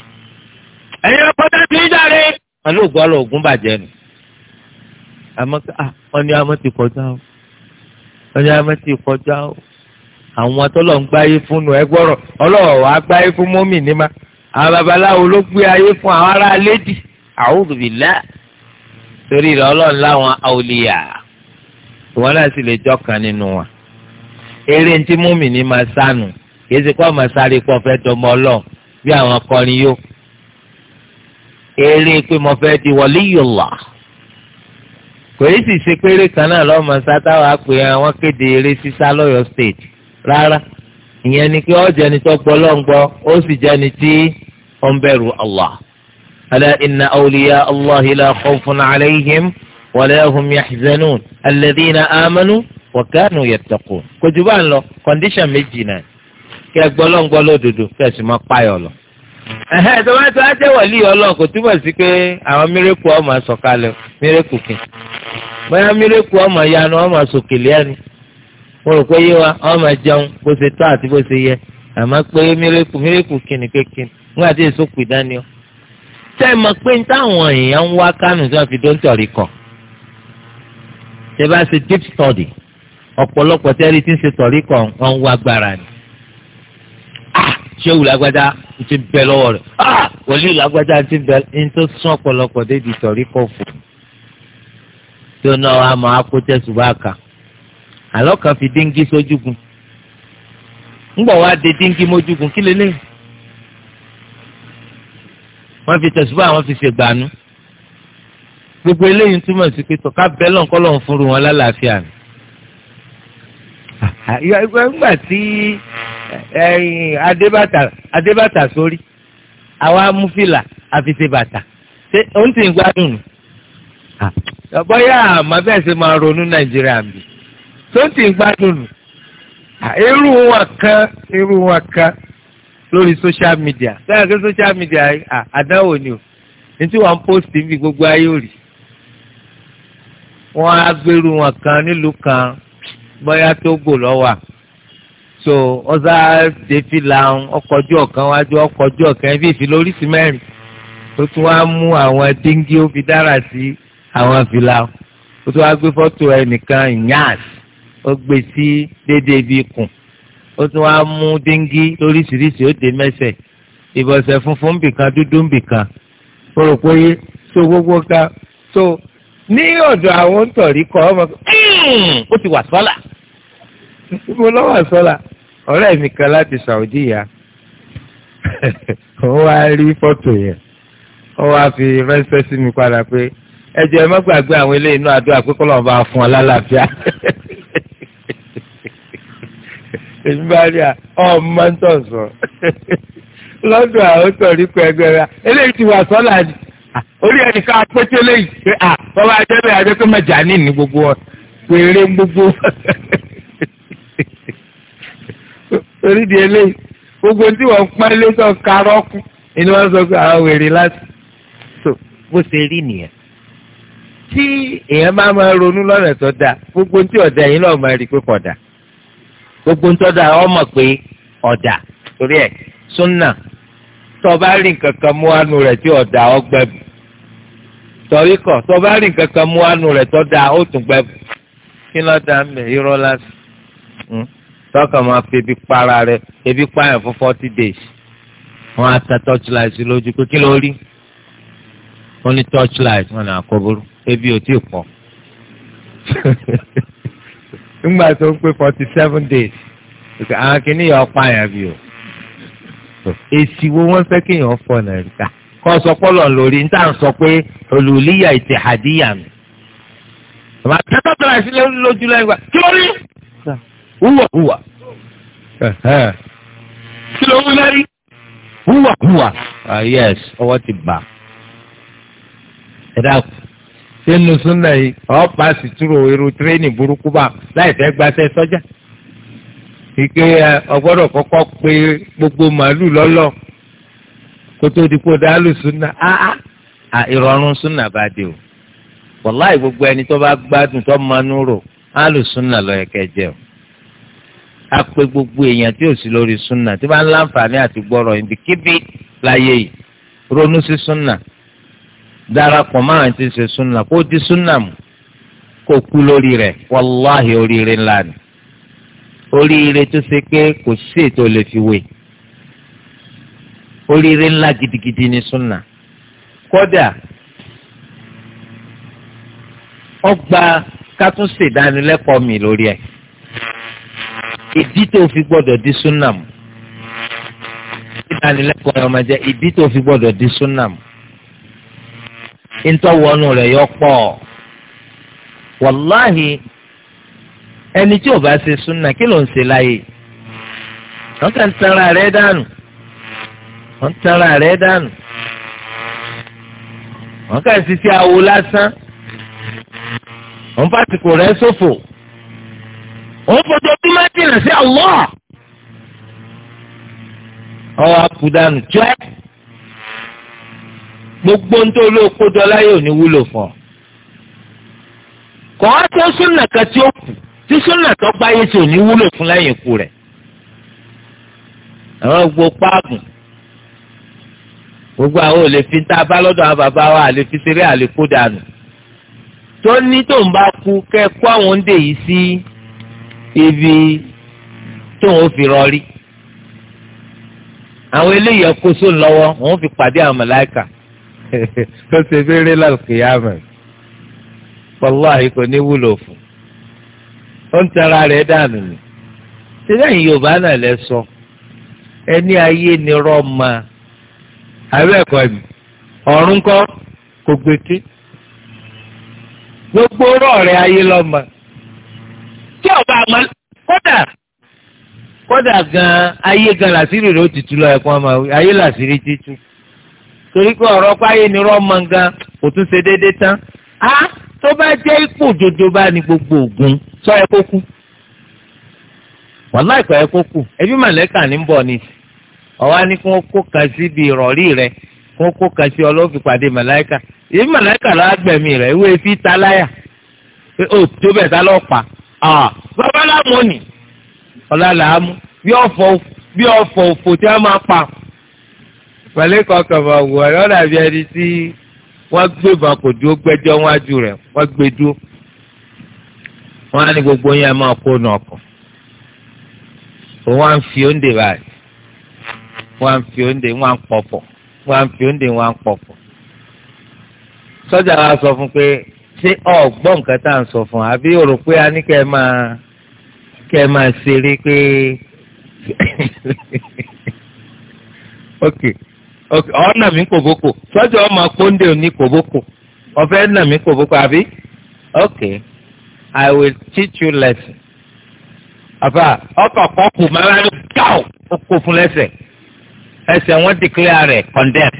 ẹ̀yin ọkọ̀ tá a ti ń jáde. wọn ló gbọ́ lọ ògùn bàjẹ́ nù. àmọ́ ah, wọn ní amọ́ ti kọjá o wọn ní amọ́ ti kọjá o àwọn tọ́lọ̀ ń gbáyé fún nu ẹgbọ́rọ̀ ọlọ́wọ́ wa gbáyé fún mọ́mì ní ma àwọn babaláwo ló gbé ayé fún àwọn ará lédi a'udhu billah torí rẹ̀ ọlọ́run láwọn àwòlíyà ìwọ́n náà sì lè jọ́kan nínú wa eré ntí múmi ní máa sánù yéésì kọ́ máa sáré pọ̀ fẹ́ dọmọ ọlọ́run bí àwọn akọrin yó eré pé mo fẹ́ di waliyullah kò yìí sì ṣe péré kan náà lọ́ọ́ máa sá àwọn kéde eré sísá lọ́yọ̀ state rárá ìyẹn ni kí ọ jẹ́ ẹni tó gbọ́ lọ́ngbọ́ ó sì jẹ́ ẹni tí ó ń bẹ̀rù Allah. ala inna awliya allahi la khawfun alayhim wa la hum yahzanun alladhina amanu wa kanu yattaqun. kò jù bá ń lọ kọ́ndíṣàn méjì náà kí ẹ gbọ́ lọ́ngbọ́ lódodo kí ẹ sì máa páyọ̀ lọ. ẹ̀hẹ́ tó bá tó á kò túbọ̀ sí pé àwọn mírèkù ọmọ sọ̀kalẹ̀ mírèkù kì bóyá mírèkù ọmọ yanu ọmọ sòkèlè ẹni mo rò pé yé wa ọ máa jẹun bó ṣe tọ́ àti bó ṣe yẹ àmọ́ pé mílíkù mílíkù kìnnì kékin nígbà tí èso pè dání ọ. tẹ́ ẹ mọ̀ pé ní táwọn èèyàn ń wá kánù tí wọ́n fi dóńtì ọ̀rí kọ̀ ṣe bá ṣe deep study ọ̀pọ̀lọpọ̀ tẹ́rí tí ń ṣe tọ̀rí kọ̀ wọ́n ń wá gbára ni. Ah! ṣéwù lágbájá ń ti bẹ lọ́wọ́ rẹ̀ ah! wòlíì lágbájá ń ti bẹ ń tó sún ọ̀pọ̀lọpọ̀ débi tọ̀rí kọ̀ fún un. tí ó náà wá máa kó tẹ̀sùbá kan àlọ́ kan fi díngí sójúgun ńgbọ̀ wá de díngí mójúgun kí lélẹ̀ wọ́n fi tẹ̀síwá wọ́n fi ṣègbànú gbogbo eléyìí túmọ̀ sí pé tọ́ka bẹ́ẹ̀ lọ́nkọ́ lọ́n fúnru wọn lálàáfíà ni. nígbà tí adébàtà sórí àwa amúfìlà àfìsèbàtà ṣé ó ń tì í gbádùn. Ah. bọ́yá àmọ́ bẹ́ẹ̀ ṣe máa ronú nàìjíríà bíi tó ti gbádùn nù irú wọn kan irú wọn kan lórí social media sẹ́yìn pé social media àdáwò ni o ní tí wọ́n ń post níbi gbogbo ayé ò rí wọ́n á gbèrú wọn kan nílùú kan bóyá tó gbò lọ́wọ́ so ọ̀sá dèfì làwọn ọkọ̀jú ọ̀kan wájú ọkọ̀jú ọ̀kan bí ìfi lórí sí mẹ́rin ó tún wá mú àwọn díngí ó fi dára sí àwọn fìlà ó tún wá gbé fọ́tò ẹnìkan ìyáàsì ó gbé sí déédéé ibi ikùn ó tún wá mú dengue lóríṣiríṣi ó dé mẹ́sẹ̀ ìbọ̀sẹ̀ funfun bìkan dúdú bìkan mo rò pé so gbogbo ká so ní ọ̀dọ̀ àwọn tọ̀rí kọ́ ọmọ hmm, ó ti wà sọ́là mo lọ wà sọ́là ọ̀rẹ́ mi kan láti Saudi ya ó wá rí fọ́tò yẹn ó wá fi ránṣẹ́ sí mi padà pé ẹ jẹ́ má gbàgbé àwọn eléyìí náà àdúrà pé kọ́lọ́ọ̀ fún ọ lálàáfíà. èmi bá rí à ọmọ ń lọ́dọ̀ àwọn tọ̀rí pẹ̀ ẹgbẹ́ eléyìí ti wà sọ́là ni orí pé à bọ́lá mẹ́jà ní ní gbogbo péré gbogbo orí di eléyìí gbogbo tí wọ́n pẹ́ lẹ́sọ̀ wọ́n sọ pé àwọn wèrè láti bó ṣe rí nìyẹn tí èèyàn máa ma ronú tó gbogbo tí ọ̀dà yìí náà máa rí gbogbo ń tọ́da ọmọ pé ọ̀dà torí ẹ̀ súnà tọba rí nǹkan kan mú àánú rẹ̀ tí ọ̀dà ọgbẹ́bù torí kọ̀ tọba rí nǹkan kan mú àánú rẹ̀ tọ́da ó tún gbẹ́bù kí ló dá mi irọ́ lásì hmm? tọ́kà máa fi ebi para rẹ̀ ebi pààyàn fún forty days wọ́n á ta torchlight lójú pé kí ló rí wọ́n ní torchlight wọ́n ní àkóbóró ebi ò tí ì pọ̀. nígbà tó ń pé forty seven days ìgbà àwọn ah, kìnìyàn ọ̀pá yẹn bí o èsì wo wọ́n fẹ́ kéèyàn fọ̀ náà rí ká kọ́ sọ pọ́lọ̀ lórí ní tàn sọ pé olùlíyà ìtì àdíyà mi. Bàbá tẹ́tọ́ tẹ́lá ìsílẹ̀ lójú lẹ́yìn gbà kí ló rí? Húwà húwà. Kí ló wí lẹ́rí? Húwà húwà. Ah, yes, ọwọ́ ti bà. Ẹ dákun. sínú súnà yìí ọ̀ pàṣẹ túrò irú tírénì burúkú bá láì fẹ́ gbaṣẹ́ sọ́jà ike ọgbọ́dọ̀ kọ́kọ́ pé gbogbo màálù lọ́lọ́ kótó dikó dálù súnà áá ìrọ̀rùn súnà bá dé o wàláì gbogbo ẹni tó bá gbádùn tó manú rò álù súnà lọ́yẹ̀ kẹjẹ o a pé gbogbo èèyàn tí ò sí lórí súnà tí wọ́n á láǹfààní àti gbọ́rọ̀ ibi láyé yìí ronú sí súnà. darapọ̀ máa ti ṣe súnà kó di súnà mu kó kú lórí rẹ̀ wàláhì oríire ńlá ni oríire tó ṣe pé kò sí ètò lè fi wé oríire ńlá gidigidi ni súnà kódà ọgbà kátúnṣe ìdánilẹ́kọ̀ọ́ mi lórí ẹ̀ ìdí tó fi gbọ́dọ̀ di súnà mu ìdánilẹ́kọ̀ọ́ ọmọ jẹ́ ìdí tó fi gbọ́dọ̀ di súnà mu. ntọ́wọ́nù rẹ̀ yọ pọ̀ wàláhì ẹni tí ò bá ṣe súnà kí ló ń ṣe láàyè wọ́n kàn tara rẹ̀ dànù wọ́n tara rẹ̀ dànù wọ́n kàn ṣiṣẹ awo lásán wọ́n pàtìkù rẹ̀ ṣòfò wọ́n fọjọ bí má jìnnà sí àwọ ọwọ àkùdànù jẹ gbogbo ń tó ló kó dọ́lá yóò ní wúlò fún ọ. kọ́ á tó súnà kan tí ó kù tí súnà tó gbáyé tí ò wúlò fún lẹ́yìn ikú rẹ̀. àwọn gbogbo páàgùn gbogbo àwọn ò fi tá a bá wa àlè fi ṣeré àlè kó dànù. tó ní tó ń bá kú kẹ́ kó àwọn oúnjẹ yìí sí ibi tó ń fi rọrí. àwọn eléyìí ẹ̀kọ́ sóun lọ́wọ́ wọ́n fi pàdé àwọn màláíkà tó ṣe fẹ́rẹ́ lálùkìyàmẹ̀ wàláhì kò ní wúlò fún ó ń tara rẹ̀ dànù ni sílẹ̀ yorùbá náà lẹ sọ ẹni ayé ni rọ́ọ̀mà àbẹ́ ẹ̀kọ́ mi ọ̀run kọ́ kò gbèké gbogbo rọ̀ọ̀rẹ́ ayé lọ́mọ tí ọba àmọ́ kódà kódà gan ayé gan làṣírí rẹ̀ ó ti tú lọ ẹ̀kọ́ ọmọ ayé làṣírí títú. torí pé ọ̀rọ̀ páyé ni rọ́ọ̀mọ̀ gan kò tún ṣe déédéé tán á tó bá jẹ́ ipò òdodo bá ní gbogbo ògùn sọ ẹ kó kú wàhálà ìkọ̀ ẹ kó kú ẹbí màlẹ́kà ní bọ̀ ni ọ̀wá ní kí wọ́n kó kan síbi ìrọ̀rí rẹ kí wọ́n kó kan sí ọlọ́ọ̀fì pàdé màlẹ́kà ẹbí màlẹ́kà lọ́wọ́ gbẹ̀mí rẹ ìwé fi ta láyà pé ó tó bẹ̀ tá lọ́ọ́ pa babaláwo ni ọ̀làlàámu bí ọ̀fọ̀ òfò tí wọ́n máa pa pẹ̀lú kọkàn bá wù ọ́ lọ́dà bí ẹni tí wọ́n gbé bá kò dúró gbẹ́jọ́ wájú rẹ̀ wọ́n gbé dúró wọ́n á ní gbogbo yẹn máa kó nà ọkọ̀ wọ́n á ń fi oúnjẹ báyìí wọ́n á ń fi oúnjẹ wọ́n á ń pọ̀pọ̀ wọ́n á ń fi oúnjẹ wọ́n á ń pọ̀pọ̀ sọ́jà wa sọ fún pé ṣé ọ̀gbọ́n nǹkan tá à ń sọ fún àbí o pé a ní kẹ́ ẹ máa ṣeré pé ok ọ̀hún nà mí kòbókò sọ́jà ọmọ kóńdé òní kòbókò ọ̀fẹ́ nà mí kòbókò àbí. okay i will teach you lesson. àbá ọkọ̀ kan kù máa ń gáò ó kó fún lẹ́sẹ̀ ẹsẹ̀ wọ́n declare rẹ̀ condemn.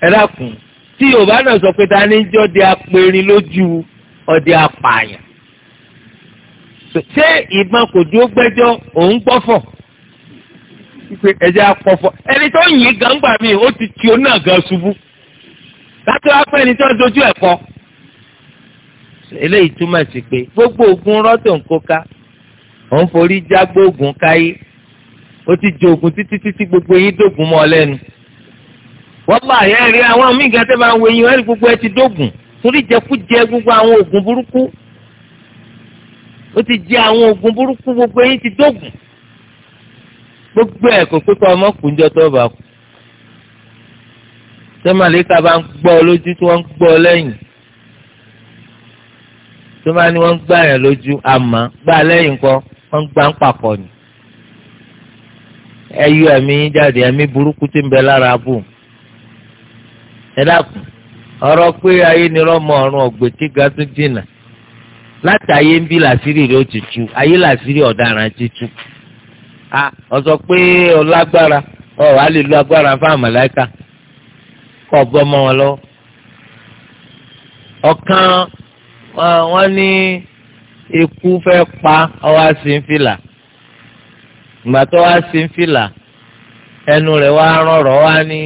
ẹ dákun tí yorùbá náà sọ pé ta ni jọ́ di apẹ̀rin lójú ọdẹ apààyàn. ṣé ìbọn kò dúró gbẹ́jọ́ òun gbọ́fọ̀? wípé ẹ̀jẹ̀ àpọ̀fọ̀ ẹni tó yìn gan gbà mí ó ti ti ó gan ṣubú láti wá pẹ́ ẹni tó dojú ẹ̀ kọ́. eléyìí túmọ̀ sí pé gbogbo ogun rọ́tò ń kóká òun forí jágbó ogun káyé ó ti jẹ ogun títí títí gbogbo yín dógun mọ́ ọ lẹ́nu. wọ́n bá àyẹ́ rí àwọn míì gan bá ń wo eyín gbogbo ẹ ti dógun torí jẹkújẹ gbogbo àwọn ogun burúkú ó ti jẹ àwọn ogun burúkú gbogbo eyín ti gbogbo ẹ̀ kò pípa ọmọ kù níjọ́ tó bá kú ṣé màlíkà bá ń gbọ́ ọ lójú tí wọ́n ń gbọ́ ọ lẹ́yìn tó bá ní wọ́n ń gbà yẹn lójú àmọ́ gbà lẹ́yìn kọ́ wọ́n ń gbà ń papọ̀ ni ẹ yọ ẹ̀mí jáde ẹ̀mí burúkú ń bẹ lára a ah, ọsọ pé ọlágbára ọ wà lè lo agbára fún àmàlẹ́kà kọ́ bọ́ mọ́ wọn lọ. ọ̀kan wọ́n ní ikú fẹ́ pa ọwọ́ àsínfìlà ìgbà tó wá ẹnu rẹ̀ wá wá ní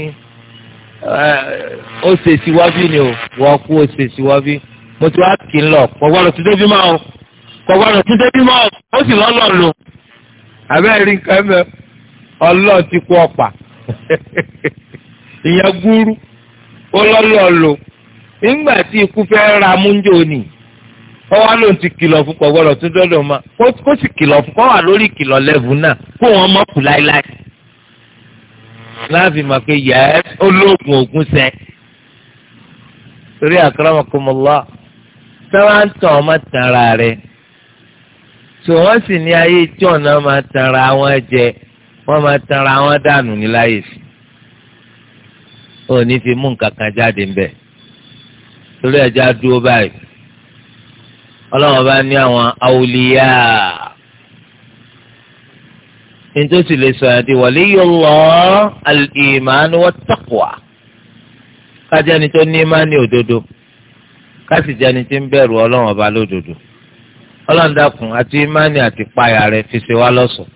ó ṣèṣì ni o wọ́n kú ó mo ti wá lọ débi máa o abẹ́rẹ́ nǹkan mẹ́ ọlọ́ọ̀ ti kú ọ̀pá ìyẹn gúrú ó lọ́lọ́ lò nígbà tí ikú fẹ́ ra múnjó ni ọwọ́ ló ti kìlọ̀ fún gbọ́dọ̀ tún dọ́dọ̀ ma kó sì kìlọ̀ fún kọ́ wà lórí kìlọ̀ lẹ́bùn náà kó wọn mọ̀ kù láéláé láàfin mà pé yẹ olóògùn ògùn sẹ torí àkàrà ọmọkùnmọ́lá mọ á ń tàn ọmọ tàn ara rẹ. so wọ́n sì ní ayé tí ọ̀nà máa tanra wọn jẹ wọ́n máa tanra wọn dànù ní láyè sí òní fi mú nǹkan kan jáde ńbẹ torí ẹja dúró báyìí ọlọ́wọ́n bá ní àwọn awolíyá nítòsí lè sọ yẹn di waliyullah al-iman wa taqwa kájẹ́ni tó ní ìmánì òdodo ká sì jẹ́ni tí ń bẹ̀rù ọlọ́wọ́n bá lódodo ọlọ́run dákun àti ìmánì àti ìpayà rẹ̀ fi ṣe wá lọ́ṣọ̀ọ́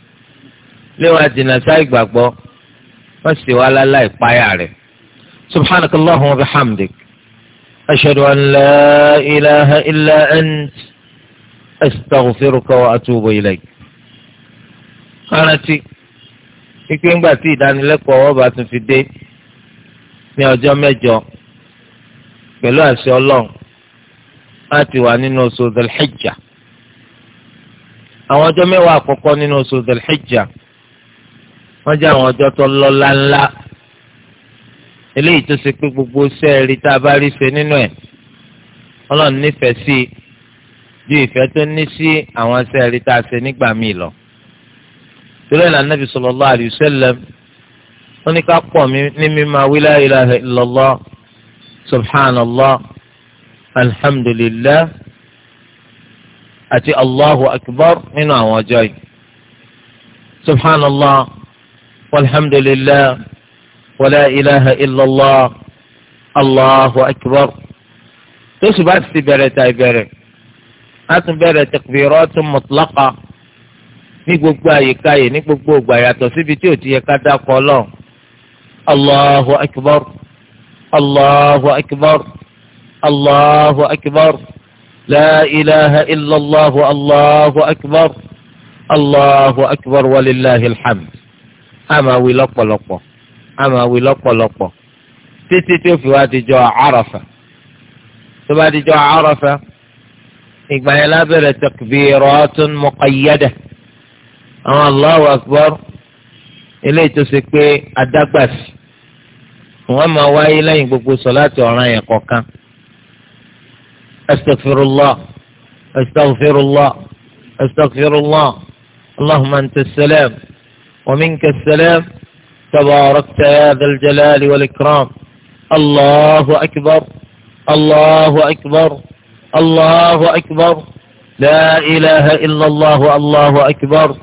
léwà jìnnà sáà ìgbàgbọ́ wọ́n ṣe wá lálá ìpayà rẹ̀ subhanakallahu wa bihamdik ashhadu an la ilaha illa ant astaghfiruka wa atubu ilayk. rántí pípé ńgbà tí ìdánilẹ́kọ̀ọ́ ọba tún fi dé ní ọjọ́ mẹ́jọ pẹ̀lú àṣẹ ọlọ́run láti wà nínú oṣù Dhul àwọn ọjọ́ mẹ́wàá àkọ́kọ́ nínú oṣù Dhul-Hijja wọ́n jẹ́ àwọn ọjọ́ tó lọ́lá ńlá eléyìí tó ṣe pé gbogbo sẹ́ẹ̀rí tá a bá rí ṣe nínú ẹ̀ ọlọ́run nífẹ̀ẹ́ sí i bí ìfẹ́ tó ní sí àwọn sẹ́ẹ̀rí tá a ṣe nígbà míì lọ. torí ẹ̀ lànà Nabi sallallahu alayhi wa ní ká pọ̀ ní mímọ́ wí la ilaha subhanallah alhamdulillah àti allahu akbar nínú àwọn ọjọ́ yìí subhanallah walhamdulillah wala ilaha illallah allahu akbar tó sì bá ti bẹ̀rẹ̀ ta ìbẹ̀rẹ̀ a tún bẹ̀rẹ̀ takbiratun mutlaqa ní gbogbo àyíká yìí ní gbogbo ògbà yàtọ̀ síbi tí ò ti yẹ ká dákọ̀ lọ allahu akbar allahu akbar allahu akbar. لا إله إلا الله الله أكبر الله أكبر ولله الحمد أما ولق لق أما ولق لق تتتو في وادي جو عرفة في وادي جو عرفة إقبال أبر تكبيرات مقيدة أما الله أكبر إليه تسكي أدقبس وما وإليه بقو صلاة ورانيا قوكا أستغفر الله أستغفر الله أستغفر الله اللهم أنت السلام ومنك السلام تباركت يا ذا الجلال والإكرام الله أكبر الله أكبر الله أكبر لا إله إلا الله الله أكبر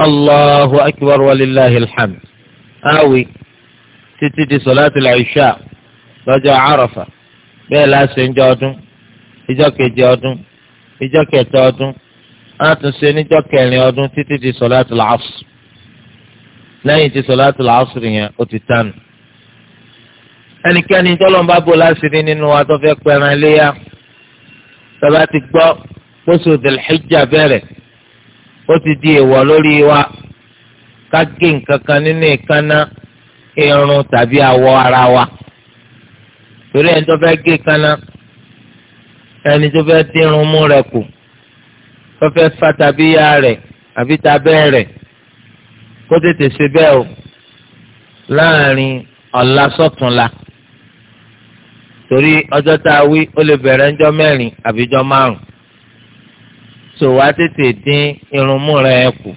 الله أكبر ولله الحمد آوي تتدي صلاة العشاء رجع عرفة بلا سنجادون ìjọ keje ọdún ìjọ kẹta ọdún á tún ṣe níjọ kẹrin ọdún títí di sọláàtì làásù lẹ́yìn tí sọláàtì làásù yẹn ó ti tánu. ẹnikẹ́ni tọ́lọ́n bá bò láṣìírí nínú wa tó fẹ́ pẹran iléyà tọ́ba ti gbọ́ oṣù dèlhíjà bẹ̀rẹ̀ ó ti di èèwọ̀ lórí wa ká gé nǹkan kan nínú ìkànnà irun tàbí awọ ara wa torí ẹni tó fẹ́ gé kanna ẹni tó fẹ́ dínrún mú rẹ̀ kù tó fẹ́ fa tàbíyá rẹ̀ àbí tabẹ́ rẹ̀ kó tètè ṣe bẹ́ẹ̀ o láàrin ọ̀la sọ̀túnla torí ọjọ́ tá a wí ó lè bẹ̀rẹ̀ ńjọ́ mẹ́rin àbíjọ́ márùn so wàá tètè dín irun mú rẹ̀ kù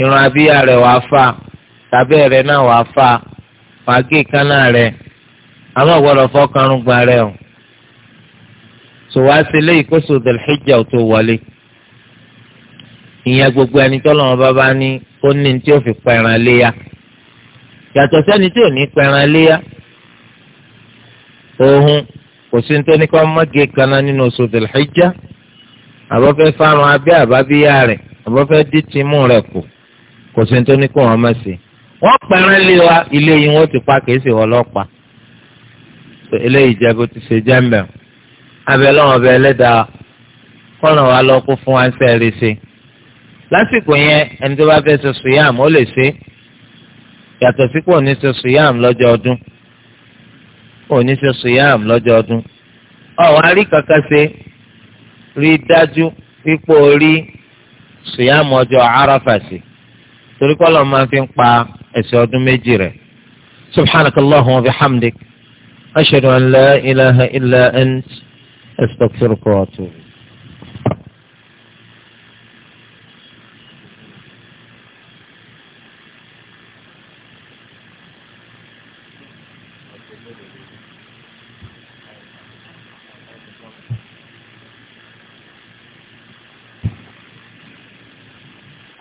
irun abíyá rẹ̀ wàá fà tàbẹ́ rẹ̀ náà wàá fà wàá gé ìkánná rẹ̀ àwọn ọ̀gbọ́dọ̀ fọ́ gba rẹ̀ o sọ wá sí léyìí kó sọ dẹlẹ́jà tó wọlé ìyẹn gbogbo ẹni tọ́lọ́mọ bàbá ní kó ní tí ó fi pẹran léyà yàtọ̀ sẹ́ni tí ò ní pẹran léyà òhun kò sí ní tó ní kó mọ́gé kaná nínú oṣù dẹlẹ́jà àbọ̀fẹ́ fárun abẹ́ àbábíyá rẹ̀ àbọ̀fẹ́ dí tìmú rẹ̀ kù kò sí ní tó ní wọn mọ̀ sí wọ́n pẹran lé wa ilé yìí wọ́n ti pa kìí ṣe ọlọ́pàá eléyìí jẹ́ bó ti ṣe jẹ́ mbẹ́wọ̀n abẹ́lọ́wọ́n ọbẹ̀ ẹlẹ́dàá kọ́nà wa lọ kó fún wa ń sẹ́ẹ̀rì sí i lásìkò yẹn ẹni tó bá fẹ́ ṣe sùyàm ó lè ṣe yàtọ̀ sí pé òní ṣe sùyàm lọ́jọ́ ọdún òní ṣe sùyàm lọ́jọ́ ọdún ọ̀wọ́n arí kankan ṣe rí dájú pípọ̀ orí sùyàm ọjọ́ Àrafà torí kọ́lọ̀ máa fi ń pa ẹ̀ṣẹ̀ ọdún méjì rẹ̀ subhanakallahumma wa bihamdik ashhadu an la ilaha illa ant. أستغفرك وأتوب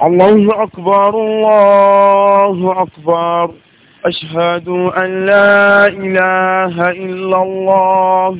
الله أكبر الله أكبر أشهد أن لا إله إلا الله